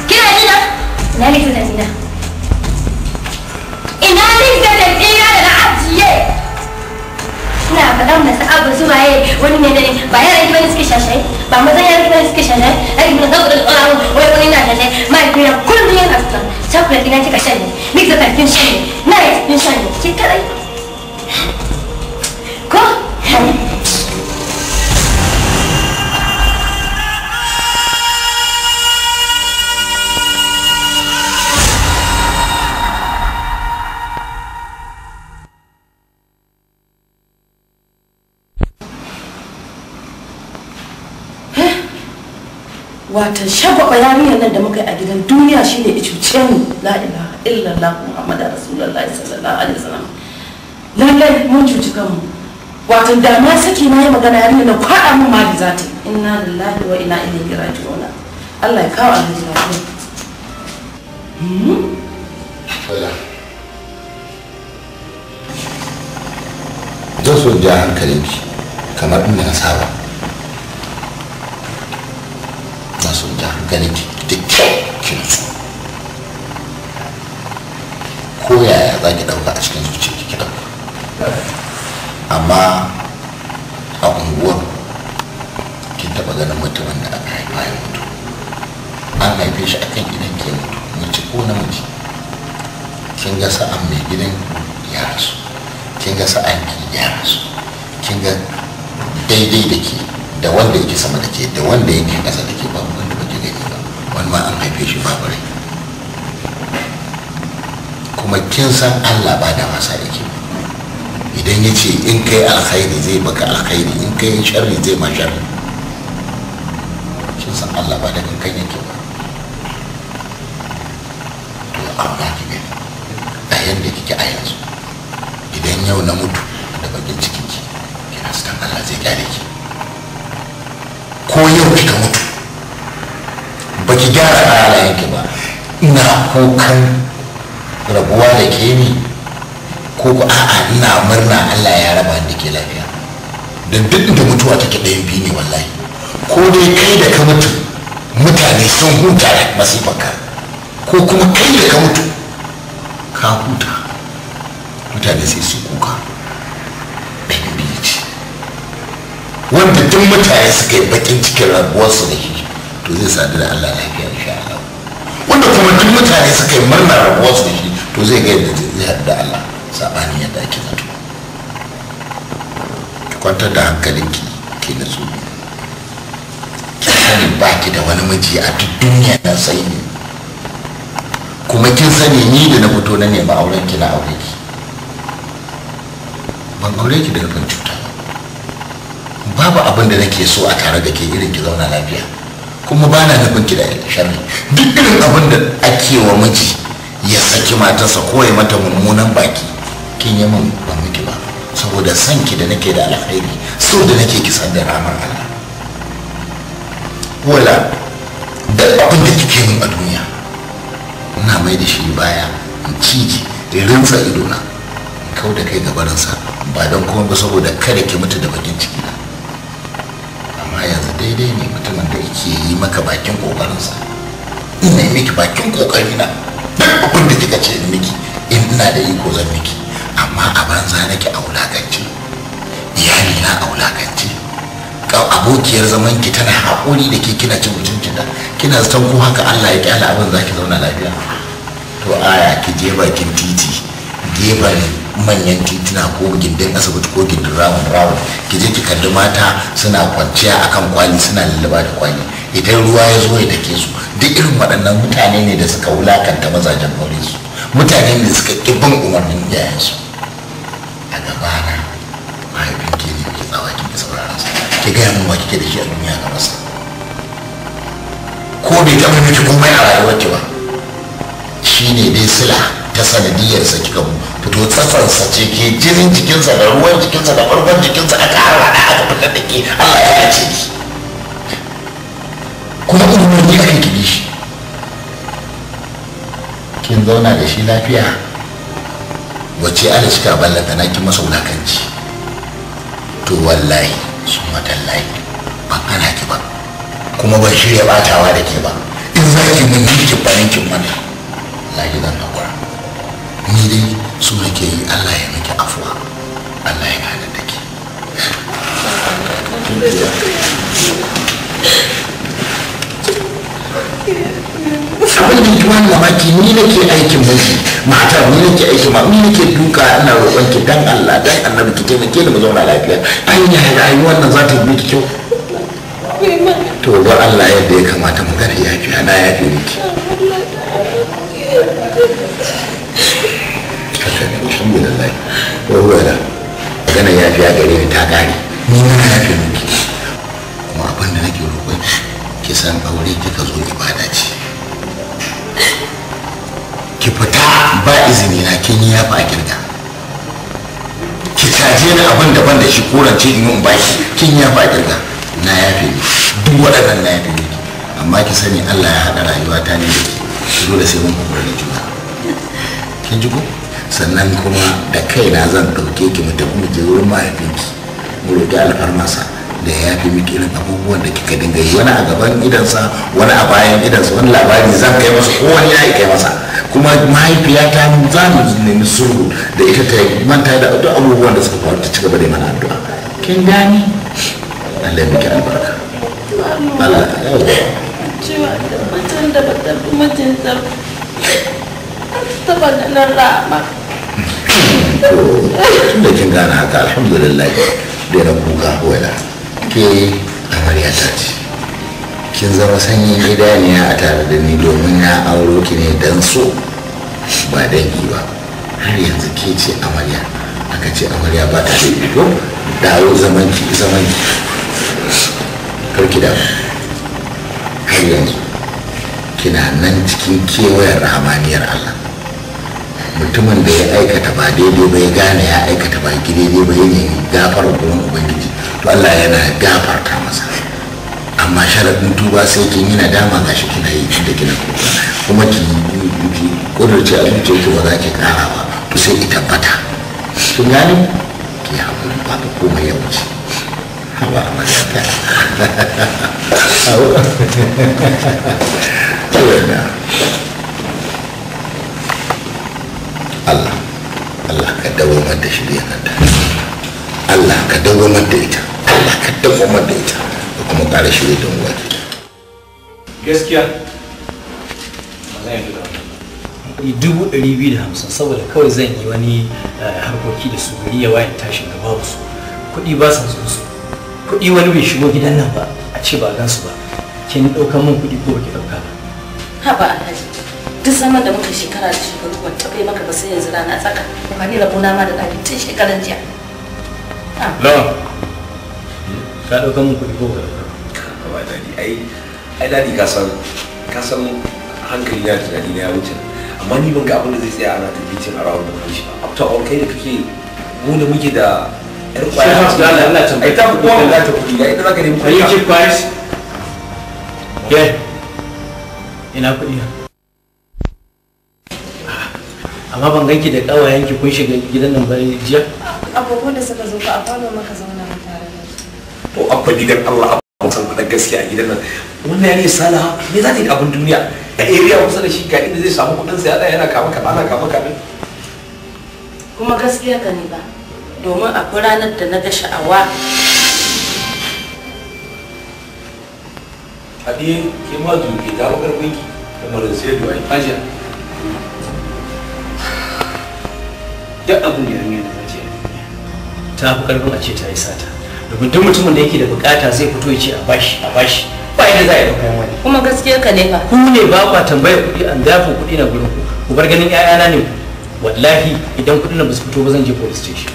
kina ji na ina da. ina ina likita ina da na ajiye suna faɗan da sa'abu su waye wani ne ne ba yaran ki bane suke shashe ba mazan yaran ki bane suke shashe yaran ki zaku da tsora mu wai wani na shashaye ma ki na kullum yana tsara chocolate ina kika shan ne mix da kin shan ne na kin shan ne ki kadai ko wata shagwaba yariyar nan da muka yi a gidan duniya shi ne cuce mu la ilaha illallah muhammadu rasulallah sallallahu alaihi wasallam lallai mun cuci kanmu wato da ma saki na yi magana yariyar nan kwaɗa mun ma da za ta inna lillahi wa inna ilaihi raji'un Allah ya kawo alhaji lafiya zan so ja hankalinki kamar ina saba ina son ja ganin ki su ko yaya za ki a cikin zuciya ki ɗauka amma a unguwar kin taba ganin mutumin da aka haifa ya mutu an haife shi akan gidan ke mutu mace ko namiji kin ga sa'an mai gidan ya rasu kin ga sa'an ki ya rasu kin ga daidai da ke da wanda yake sama da ke kin san allah ba da wasa yake idan ya ce in kai alkhairi zai baka alkhairi in kai sharri zai ma sharri kin san allah ba da kan yake ba to amma ki gani a yanda kike a yanzu idan yau na mutu da bakin cikin ki kina san allah zai kyale ki ko yau kika mutu baki gyara halayenki ba ina kokan rabuwa da ke ni ko ku a'a ina murna Allah ya raba da ke lafiya don duk da mutuwa take ɗayan biyu ne wallahi ko dai kai da ka mutu mutane sun huta da ko kuma kai da ka mutu ka huta mutane sai su kuka ɗayan biyu ce wanda duk mutane suka yi bakin cikin rabuwarsu da shi to zai sadu da Allah lafiya insha Allah wanda kuma duk mutane suka yi murna rabuwarsu da to zai ga yadda zai da Allah sabani yadda ake zato ki kwantar da hankalinki ki nutsu ki sani ba ki da wani miji a duk duniya na sai ne kuma kin sani ni da na fito na nema auren ki na aure ki ban aure ki da kan cuta babu abin da nake so a tare da ke irin ki zauna lafiya kuma ba na nufin ki da sharri duk irin abin da ake wa miji ya saki matarsa ko ya mata mummunan baki kin yi min ba miki ba saboda sanki da nake da alkhairi so da nake ki san da ramar Allah wala da abin da kike min a duniya ina mai da shi baya in ciji da rinsa ido na in kau da kai gabarinsa ba don kuma ba saboda kada ki mutu da bakin ciki na amma yanzu daidai ne mutumin da yake yi maka bakin kokarinsa ina yi miki bakin kokari na abin da kika ce miki in ina da iko zan miki amma a banza nake a wulakanci iyali na a wulakanci abokiyar zaman ki tana hakuri da ke kina cin mutuncin da kina zaton ko haka Allah ya kyala abin zaki zauna lafiya to aya ki je bakin titi gefen manyan titina ko gindin asibiti ko gindin rawun rawun ki je ki kalli mata suna kwanciya akan kwali suna lullaba da kwali idan ruwa ya zo ya take su duk irin waɗannan mutane ne da suka wulakanta mazajen aure su mutane ne suka ƙibin umarnin iyayensu a gabana mahaifin ke ne ke tsawa ke sauraron sa ki gaya min wa kike da shi a duniya ga masa ko bai taɓa miki komai a rayuwar ki ba Shi ne dai sila ta sa kika mu fito sa ce ke jinin jikinsa da ruwan jikinsa da ɓarɓar jikinsa aka harhaɗa aka fitar da ke allah ya ce ki kuma ilimi ne ake kiɗi shi kin zauna da shi lafiya wace ala cika ballata na ki masa wulakanci to wallahi su matallahi ban ana ki ba kuma ban shirya batawa da ke ba in za ki mun yi ki bayan kin mana lahi zan hakura ni dai su nake yi Allah ya miki afuwa Allah ya gane da ke Thank you. abin da kuma mamaki ni nake aikin mulki mata ni nake aikin ma ni nake duka ina roƙon ki dan Allah dan annabi ki taimake ni mu zauna lafiya anya rayuwar wannan za ta yi miki kyau to ba Allah yadda ya kamata mu ya fi ana ya fi miki alhamdulillah wa huwa la gane yafi a gare ni ta gane ni na fi miki san aure kika zo ibada ce ki fita ba izini na kin yi yafa girga ki caje ni abin daban da shi korance in ba bashi kin yafa girga na yafe ni duk waɗannan na yafe ni amma ki sani Allah ya haɗa rayuwa ta ne da ki dole sai mun kuma da juna kin ji ko sannan kuma da kaina zan ɗauke ki mu tafi mu je wurin mahaifinki mu roƙi alfarmasa da ya fi miki irin abubuwan da kika dinga yi wani a gaban idansa wani a bayan idansa wani labari zan kai masa ko wani ya kai masa kuma mahaifiyata za mu nemi sulhu da ita ta manta da duk abubuwan da suka faru ta ci gaba da mana addu'a kin gani Allah ya miki albarka Allah ya cewa da mutum da ba ta fi ta ba da nan rama hmm. Tunda kin gane haka alhamdulillah da rabu kuka wala ke ta ce kin zama sanyin idaniya a tare da ni domin na auro ki ne dan so ba dangi ba har yanzu ke ce amarya aka ce amarya ba ta da ido dawo zaman ki zaman ki karki da har yanzu kina nan cikin kewayar rahamaniyar Allah mutumin da ya aikata ba daidai ba ya gane ya aikata ba ne ba yana gafar gurin ubangiji to Allah yana gafarta masa amma sharadin tuba sai kin yi nadama ga shi kina yi da kina kuma ki kudurce a ki ba za ki kara ba to sai ki tabbata kin gane ki haƙuri ba ku komai ya wuce hawa a da shirya nan da Allah ka dawamar da ita Allah ka dawamar da ita da kuma ƙara shirya da ke da gaskiya dubu ɗari biyu da hamsin saboda kawai zan yi wani eh, harkoki da su gari ya wayan tashin da babu su kuɗi ba sa zo su kuɗi wani bai shigo gidan nan ba a ce ba gan su ba kin ɗaukar min kuɗi ko ba ki ɗauka ba Haba. zaman da muka shekara da shekaru ban taɓa yi maka ba sai yanzu rana tsaka ba ni rabona ma da ɗaki tun shekaran jiya. Ah. Lawan, ka ɗauka mun kuɗi ko ka ɗauka? Ba daɗi, ai, ai daɗi ka san, ka san hankali na tunani na ya wuce. Amma ni ban ga abin da zai tsaya ana tabbitin a rawar da kuma shi ba. After all, kai da kake, mu da muke da ƴar kwaya. Shi ma Allah tambaye. Ai ta kuɗi da za ta kuɗi, ga ita za ka nemi kuɗi. Are you keep quiet? Yeah. Ina kuɗi ha. amma ban ganki da kawayen ki kun shiga gidan nan bare jiya abubuwan da suka zo ka a falo maka zauna a tare da to abba gidan Allah abba san faɗa gaskiya a gidan nan wannan yare salaha me za ta yi abin duniya a area kusa da shi ga inda zai samu kuɗin sa yana kama kama ana kama kama kuma gaskiya ka ne ba domin a ranar da na ga sha'awa Hadi ke ma duke ta bakar binki kamar sai da wani ajiya duk abin da yarinya da zai ta fi karfin a ce ta yi sata domin duk mutumin da yake da bukata zai fito ya ce a bashi a bashi ba yadda za a yi da kayan wani kuma gaskiya ka ne fa ku ne ba kwa tambayar kuɗi an dafin kuɗi na gurin ku ku bar ganin ƴaƴana ne wallahi idan kuɗin na ba su fito ba zan je police station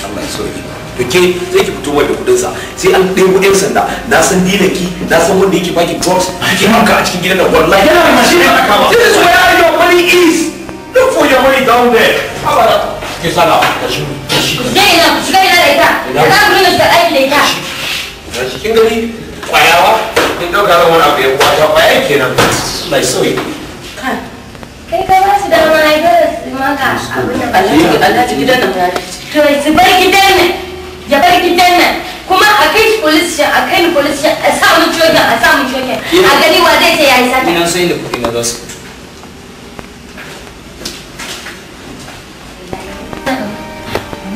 Allah ya so to ke zai ki fito da kudin sa sai an ɗebo ɗan sanda na san dilan ki na san wanda yake baki drugs ki haka a cikin gidan da wallahi yana mashi ne aka ba this is where your money is duk fujan wani down there abada ke sana da shi da shi ku zai na ku shiga ina da ita da za ku nuna shiga ɗaki da ita da shi kin gani kwayawa kin ɗauka ran a abu ya kwata kwayan kenan lai kai kai ba su dama na ga maka abin da ba Allah gidan nan ya to su bar gidan nan ya bar gidan nan kuma a kai shi police a kai ni police a sa mu jogen a sa mu jogen a gani wa zai ce yayi sata ina sai da kuɗi na za su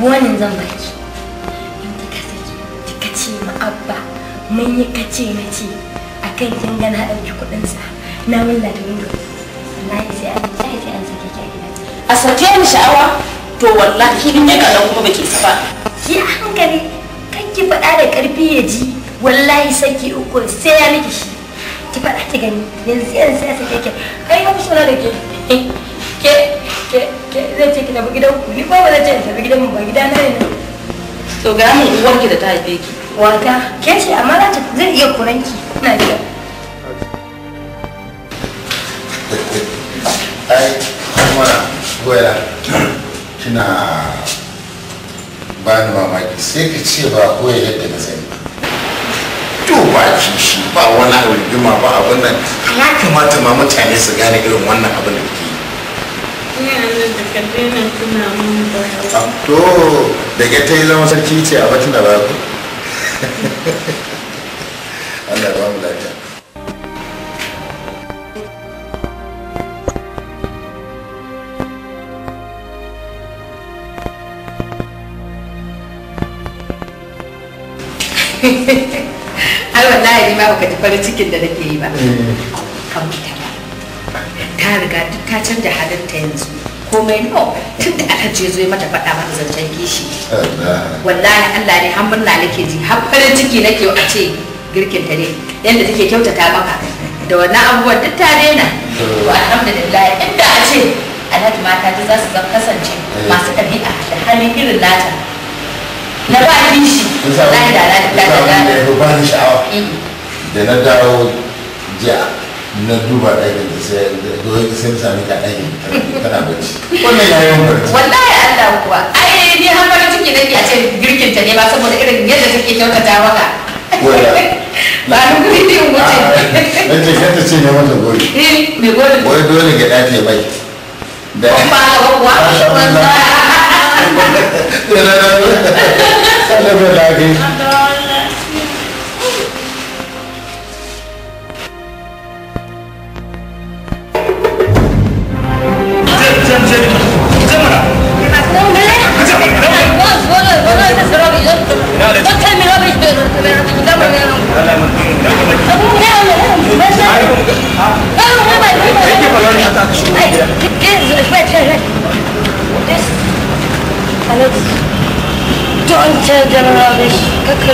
wannan zan baki in kika saki kika ce ma abba mun yi kace na ce akan kin ga na ɗauki kuɗin sa na wulla da wulla yi sai an sai sai an sake ki a sake ni sha'awa to wallahi din ya kana kuma baki saba ki hankali kan ki faɗa da ƙarfi ya ji wallahi saki uku sai ya miki shi ki faɗa ta gani yanzu yanzu sai sake ki kai ba ku na da ke ke ke zai ce ki tafi gidan ku ni ba ba zai ce ki tafi gidan mu ba gida na ne to ga mun uwar ki da ta haife ki wata ke ce amma za ta zai iya kuran ki ina gida ai kuma goya kina ba ni mamaki sai ka ce ba goya yadda na sani to ba kishi ba wani rigima ba abin nan ya kamata ma mutane su gane irin wannan abin nan to da ke ta yi zama sarki ce a batun da ba ku Allah ba mu lafiya har wallahi ne ma baka ji farin cikin da nake yi ba eh. ta riga duk ta canja halinta yanzu komai no tun da aka zo ya mata faɗa mata zancen kishi wallahi Allah ne har murna nake ji har farin ciki nake a ce girkin ta ne yadda take kyautata maka da wannan abubuwan duk ta daina to alhamdulillah inda a ce alhaji mata ta za su zan kasance eh. masu ɗabi'a da halin irin nata na ba kishi na mm. da na da ta da da da da da da da na duba ɗakin da sai da sami ka ta tana bacci wannan ya yi mafarki wallahi Allah kuwa ai ni har farin ciki nake a ce girkin ta ne ba saboda irin yadda take kyautata maka waya ba ni guri yin wuce dan ce ta ce ne mata gori eh me wai dole ga ɗace bai da ba ba Don't tell them rubbish. Kakka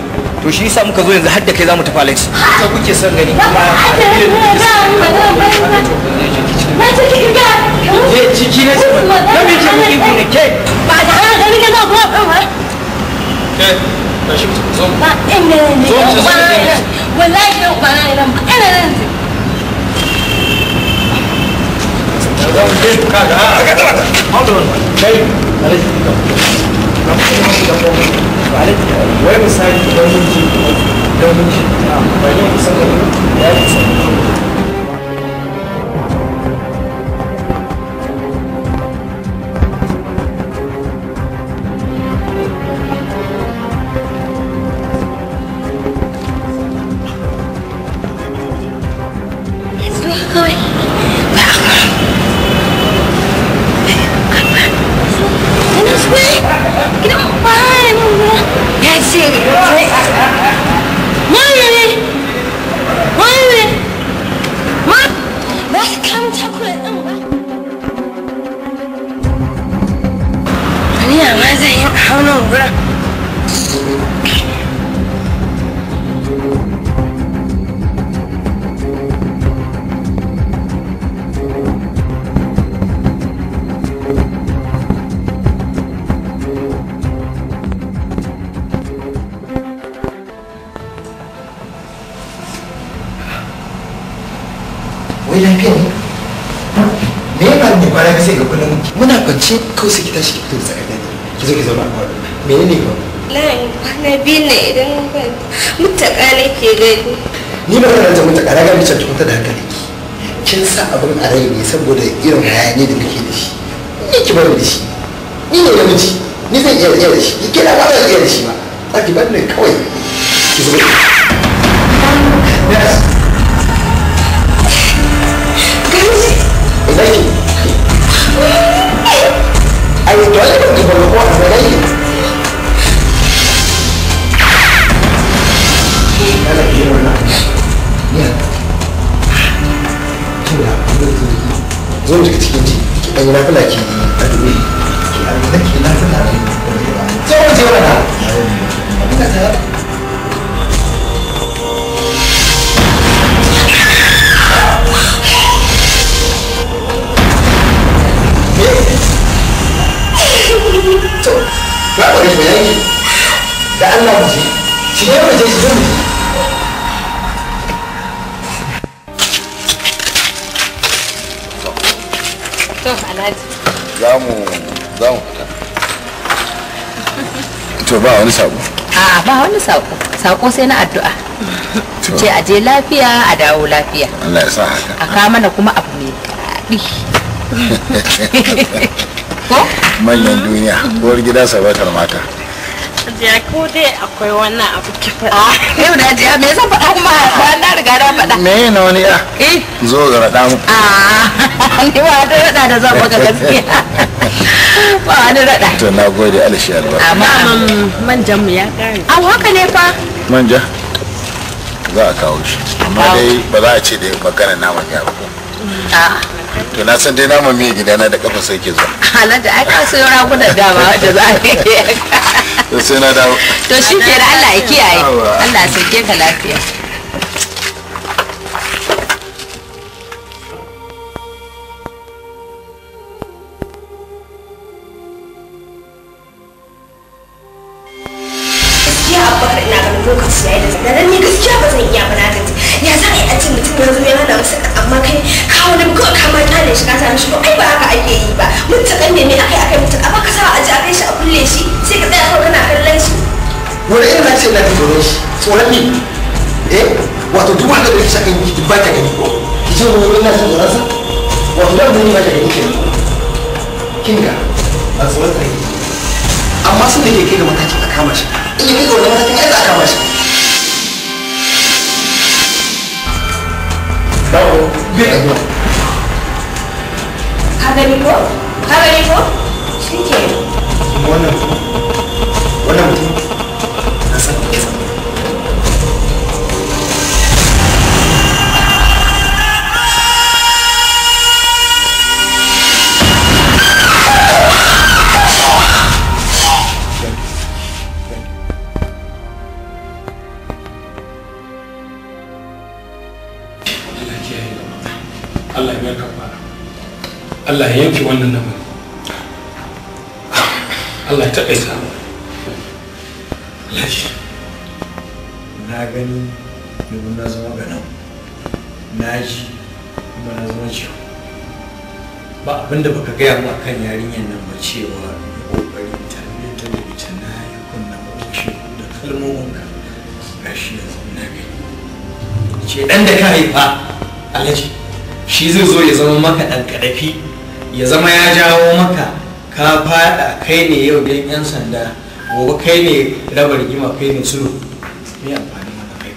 to shi yasa muka zo yanzu har da kai zamu tafi Alex to kuke son gani kuma ne eh, ciki ne da me ke mukin ku ne ke ba da ana gani ka zo kuma kuma ke ta shi zo ba inda ne zo ba wallahi ne ba ina ba ina nan ah, Kai, wai misali don mun ji don mun ji ba ne kusan da ya kusan dai ku ni ba ran zama ta karaga bisa ta kuta da hankali ki kin sa abin a rai ne saboda irin hayani da kake da shi ni ki bar da shi ni ne da miji ni zan iya iya da shi ki kira ba zan iya da shi ba za ki bar ni kawai ki zo yes Thank you. I was trying to give a look at the zo mu cikin ci ɗan yi nafila ki addu'o'i ki a ki nafila ki ta wajen wani na wani sako a'a ba wani sako sako sai na addu'a ce a je lafiya a dawo lafiya Allah ya sa haka a ka mana kuma abu ne kadi ko manyan duniya gwar gida sabatar mata hajiya ko dai akwai wannan abu ki faɗa. Ah, yau da hajiya me yasa faɗa kuma ba na riga na faɗa. Me na wani ya? Eh. Zo ga raɗa mu. Ah, ni ba da raɗa da zan baka gaskiya. Ba wani raɗa. To na gode Alishi Alba. Amma manjan mu ya kare. Au haka ne fa. Manja. Za a kawo shi. Amma dai ba za a ce da magana naman ya ba. Ah. to na san dai nama mai gidana da kafa sai ke zuwa halin da aka sayo ragunan dama da za a yi to sai na to shi ke Allah ya kiyaye Allah ya sauke ka lafiya kalmominka gashi yanzu na gani ce dan da ka haifa alaji shi zai zo ya zama maka ɗan ƙarfi, ya zama ya jawo maka ka faɗa kai ne yau dan yan sanda gobe kai ne raba rigima kai ne sulhu me amfani mana kai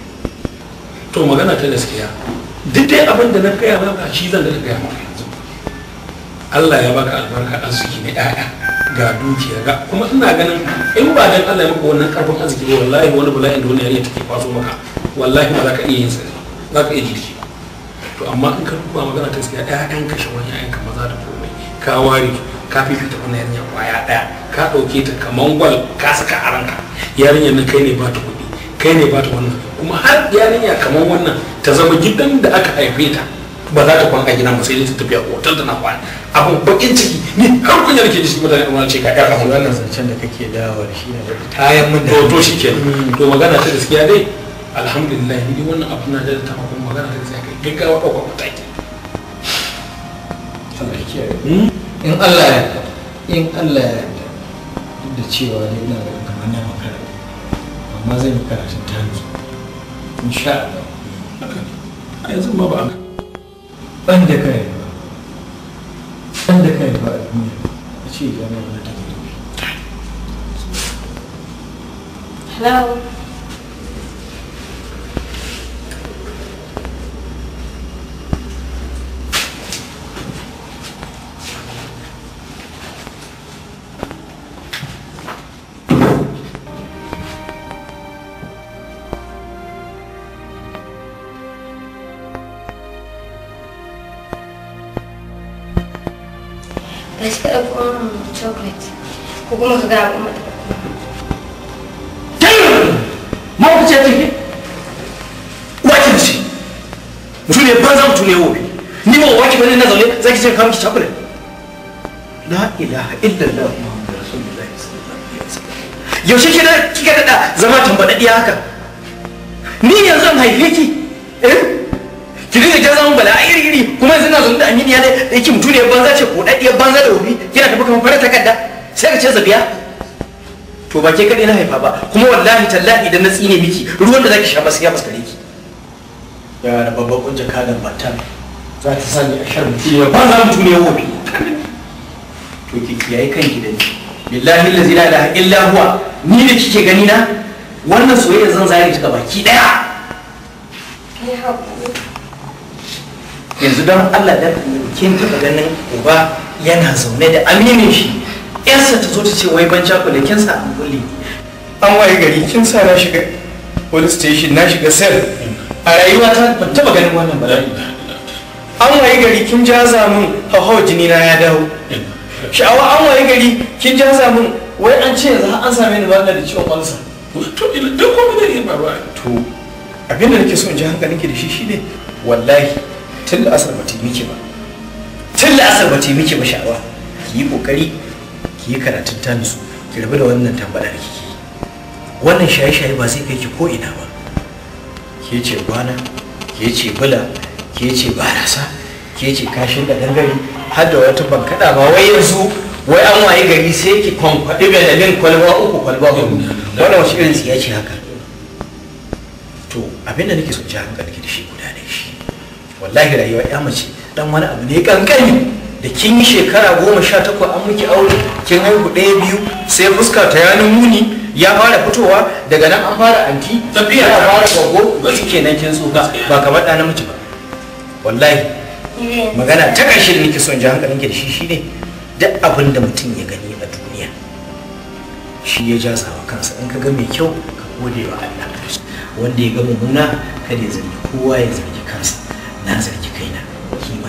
to magana ta gaskiya duk dai abin da na kaya maka shi zan da kaya maka yanzu Allah ya baka albarka arziki na 'ya'ya ga dukiya ga kuma ina ganin in ba dan Allah ya maka wannan karfin arziki ba wallahi wani bala'in da wani yarinya take kwaso maka wallahi ba za ka iya yin sa za ka iya jiki to amma in ka duba magana ta gaskiya ƴaƴan ka shawan ƴaƴan ka maza da komai ka ware ka fifita wannan yarinya kwaya ɗaya ka ɗauke ta kaman gwal ka saka a ranka yarinyar nan kai ne ba ta kuɗi kai ne ba ta wannan kuma har yarinya kamar wannan ta zama gidan da aka haife ta ba za ta kwana gidan ba sai ta tafiya hotel tana kwana abin bakin ciki ni har kunya nake ji shi mutane ɗan ce ka ƴar abu wannan zancen da kake dawar shi ne da tayan mun da to shi ke mm. to magana ta gaskiya dai alhamdulillah ni wannan abu na da ta makon magana ta gaskiya kai gaggawa ɗaukar mataki in Allah ya in Allah ya duk da cewa ne ina da kamar na makara amma zan yi ta tarihi insha Allah a yanzu ma ba an ban da kai ɗan da kai ba a duniya ya ce gane wani Hello. kuma ka gaya ma ku ce kike wakin shi mutum ne banza mutum ne wobi ni ba waki bane na zaune zaki ce kamar ki cakule la ilaha illallah muhammadur rasulullah yaushe kina kika dada zama tambadadiya haka ni yanzu an haife ki eh ki dinga jan zaman bala iri iri kuma yanzu na zaune da aminiya ne da yake mutum ne banza ce ko dadiyar banza da wobi kina tafi kamar fara takarda sai ka canza biya to ba ke kaɗai na haifa ba kuma wallahi tallahi idan na tsine miki ruwan da zaki sha ba sai ya fuskare ki ya da babban kunja kadan batan za ta sa ni a shan mutum ba za mutum ne wofi to ki kiyaye kan gidan billahi allazi la ilaha illa huwa ni da kike gani na wannan soyayya zan zare ta baki daya yanzu don allah da kin taɓa ganin uba yana zaune da aminin shi yarsa ta zo ta ce wai ban da kin sa an kulle an waye gari kin sa na shiga police station na shiga cell a rayuwa ta ban taba ganin wannan ba an waye gari kin jaza min hawo jini na ya dawo sha'awa an waye gari kin jaza min wai an ce yanzu an same ni ba da ciwon kansa to duk kuma da yin barwa to abin da nake so in ji hankalin ki da shi shine wallahi tun da asar ba ta yi miki ba tun da asar ba ta yi miki ba sha'awa ki yi kokari ki yi karatun ta ki rabu da wannan tambada ki ki wannan shaye-shaye ba zai kai ki ko ina ba ke ce gwana ke ce bula ke ce barasa ke ce kashin da dangare har da wata bankada ba wai yanzu wai an waye gari sai ki kwankwaɗi benelin kwalba uku kwalba hudu wannan wasu irin tsiya ce haka to abin da nake so ji hankali da shi guda ne shi wallahi rayuwa ya mace dan wani abu ne kankani da kin yi shekara goma sha takwa an miki aure kin haihu ɗaya biyu sai fuska ta yanin muni ya fara fitowa daga nan an fara anti tafiya ya fara gogo ba kenan kin tsuka ba kamar ɗa namiji ba wallahi magana ta ƙarshe da nake son ji hankalin ki da shi shine duk abin da mutum ya gani a duniya shi ya ja sawa kansa in ka ga mai kyau ka gode wa Allah wanda ya ga mummuna kada ya zargi kowa ya zargi kansa na zargi kaina ki ma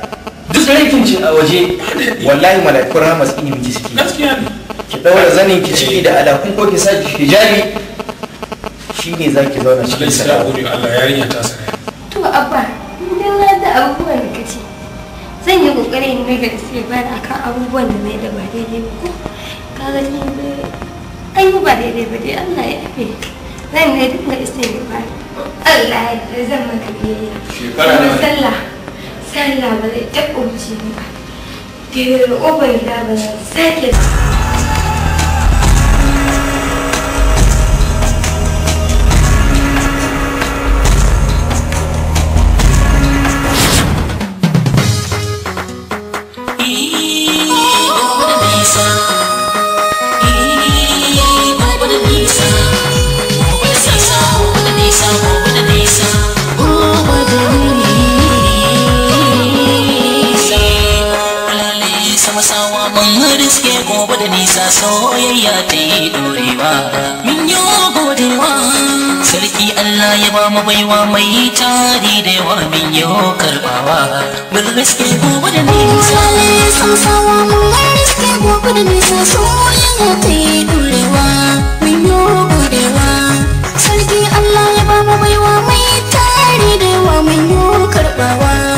duk laifin cin a waje wallahi malaiku rahama su ne miki suke ki daura zanin ki ciki da alakun ko ki sa ki hijabi shine zaki zauna cikin sana'a Allah yarinya ta sana'a to abba idan da abubuwan da kace zan yi kokari in ga ba bayan akan abubuwan da mai da ba daidai ba ko ka ga ni an yi ba daidai ba dai Allah ya afe zan ne duk na istighfar Allah ya zama ka biyayya shekara na sallah sen là bà lại chắc ủng chỉ Điều ô bày là bà xét liệt ya ba mu baiwa mai tari da yawa min yau karbawa mun riske gobe da nisa sausawa mun riske gobe da nisa soyayya ta yi durewa min yau godewa sarki Allah ya ba mu baiwa mai tari da yawa min yau karbawa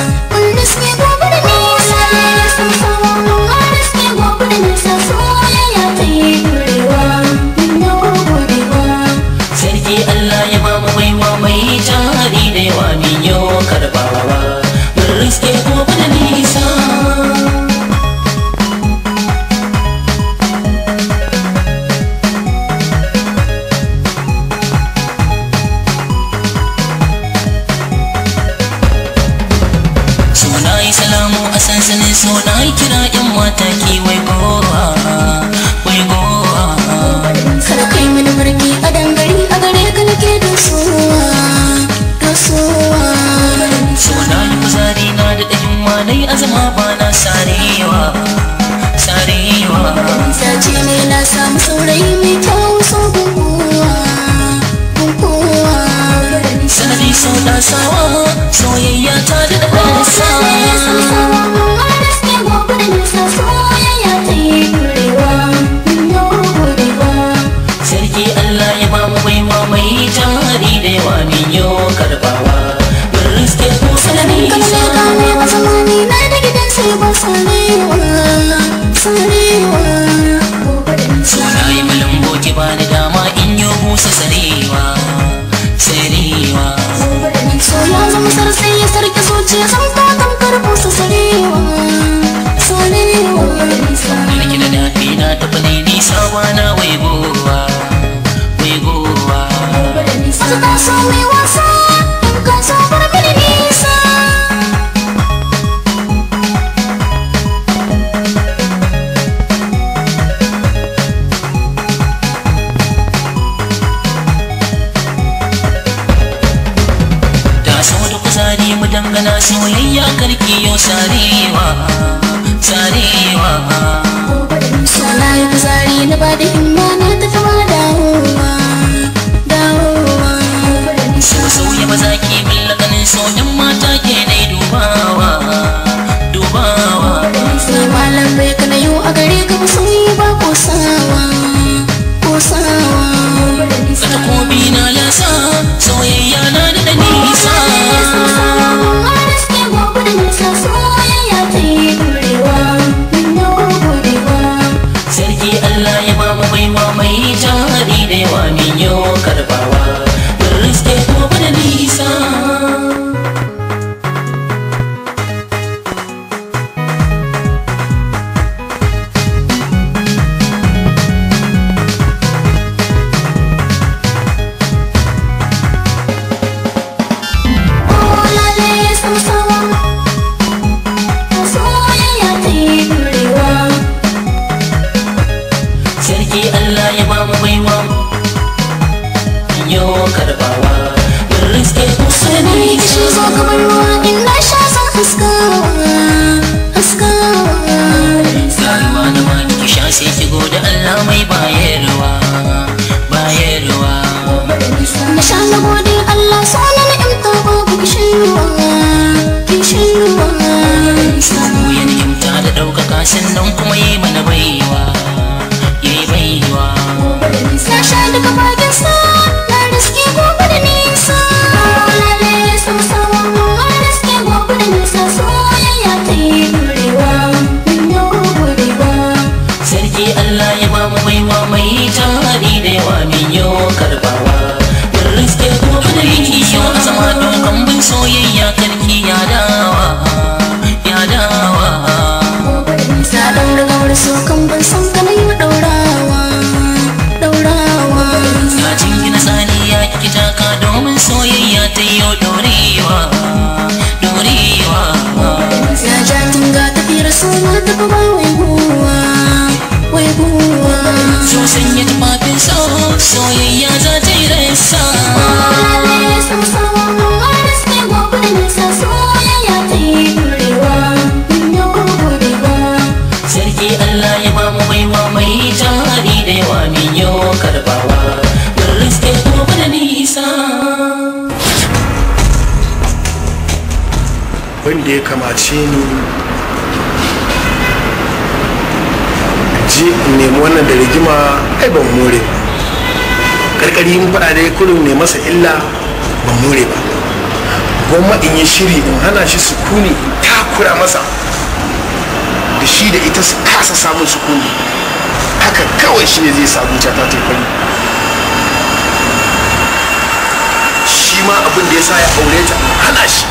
ma abin da ya sa ya aure ta hana shi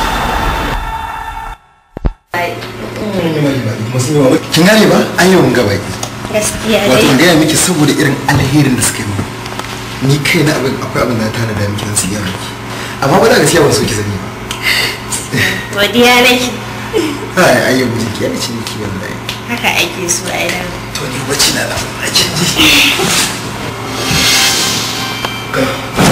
kin gane ba an yi wanga baki wato in gaya miki saboda irin alherin da suka yi mini. ni kai na abin akwai abin da ta da miki zan siya miki amma ba da gaskiya ban so ki sani ba godiya nake ai ai yau miki ya ce miki wallahi haka ake so ai da to ni wacce na da a canji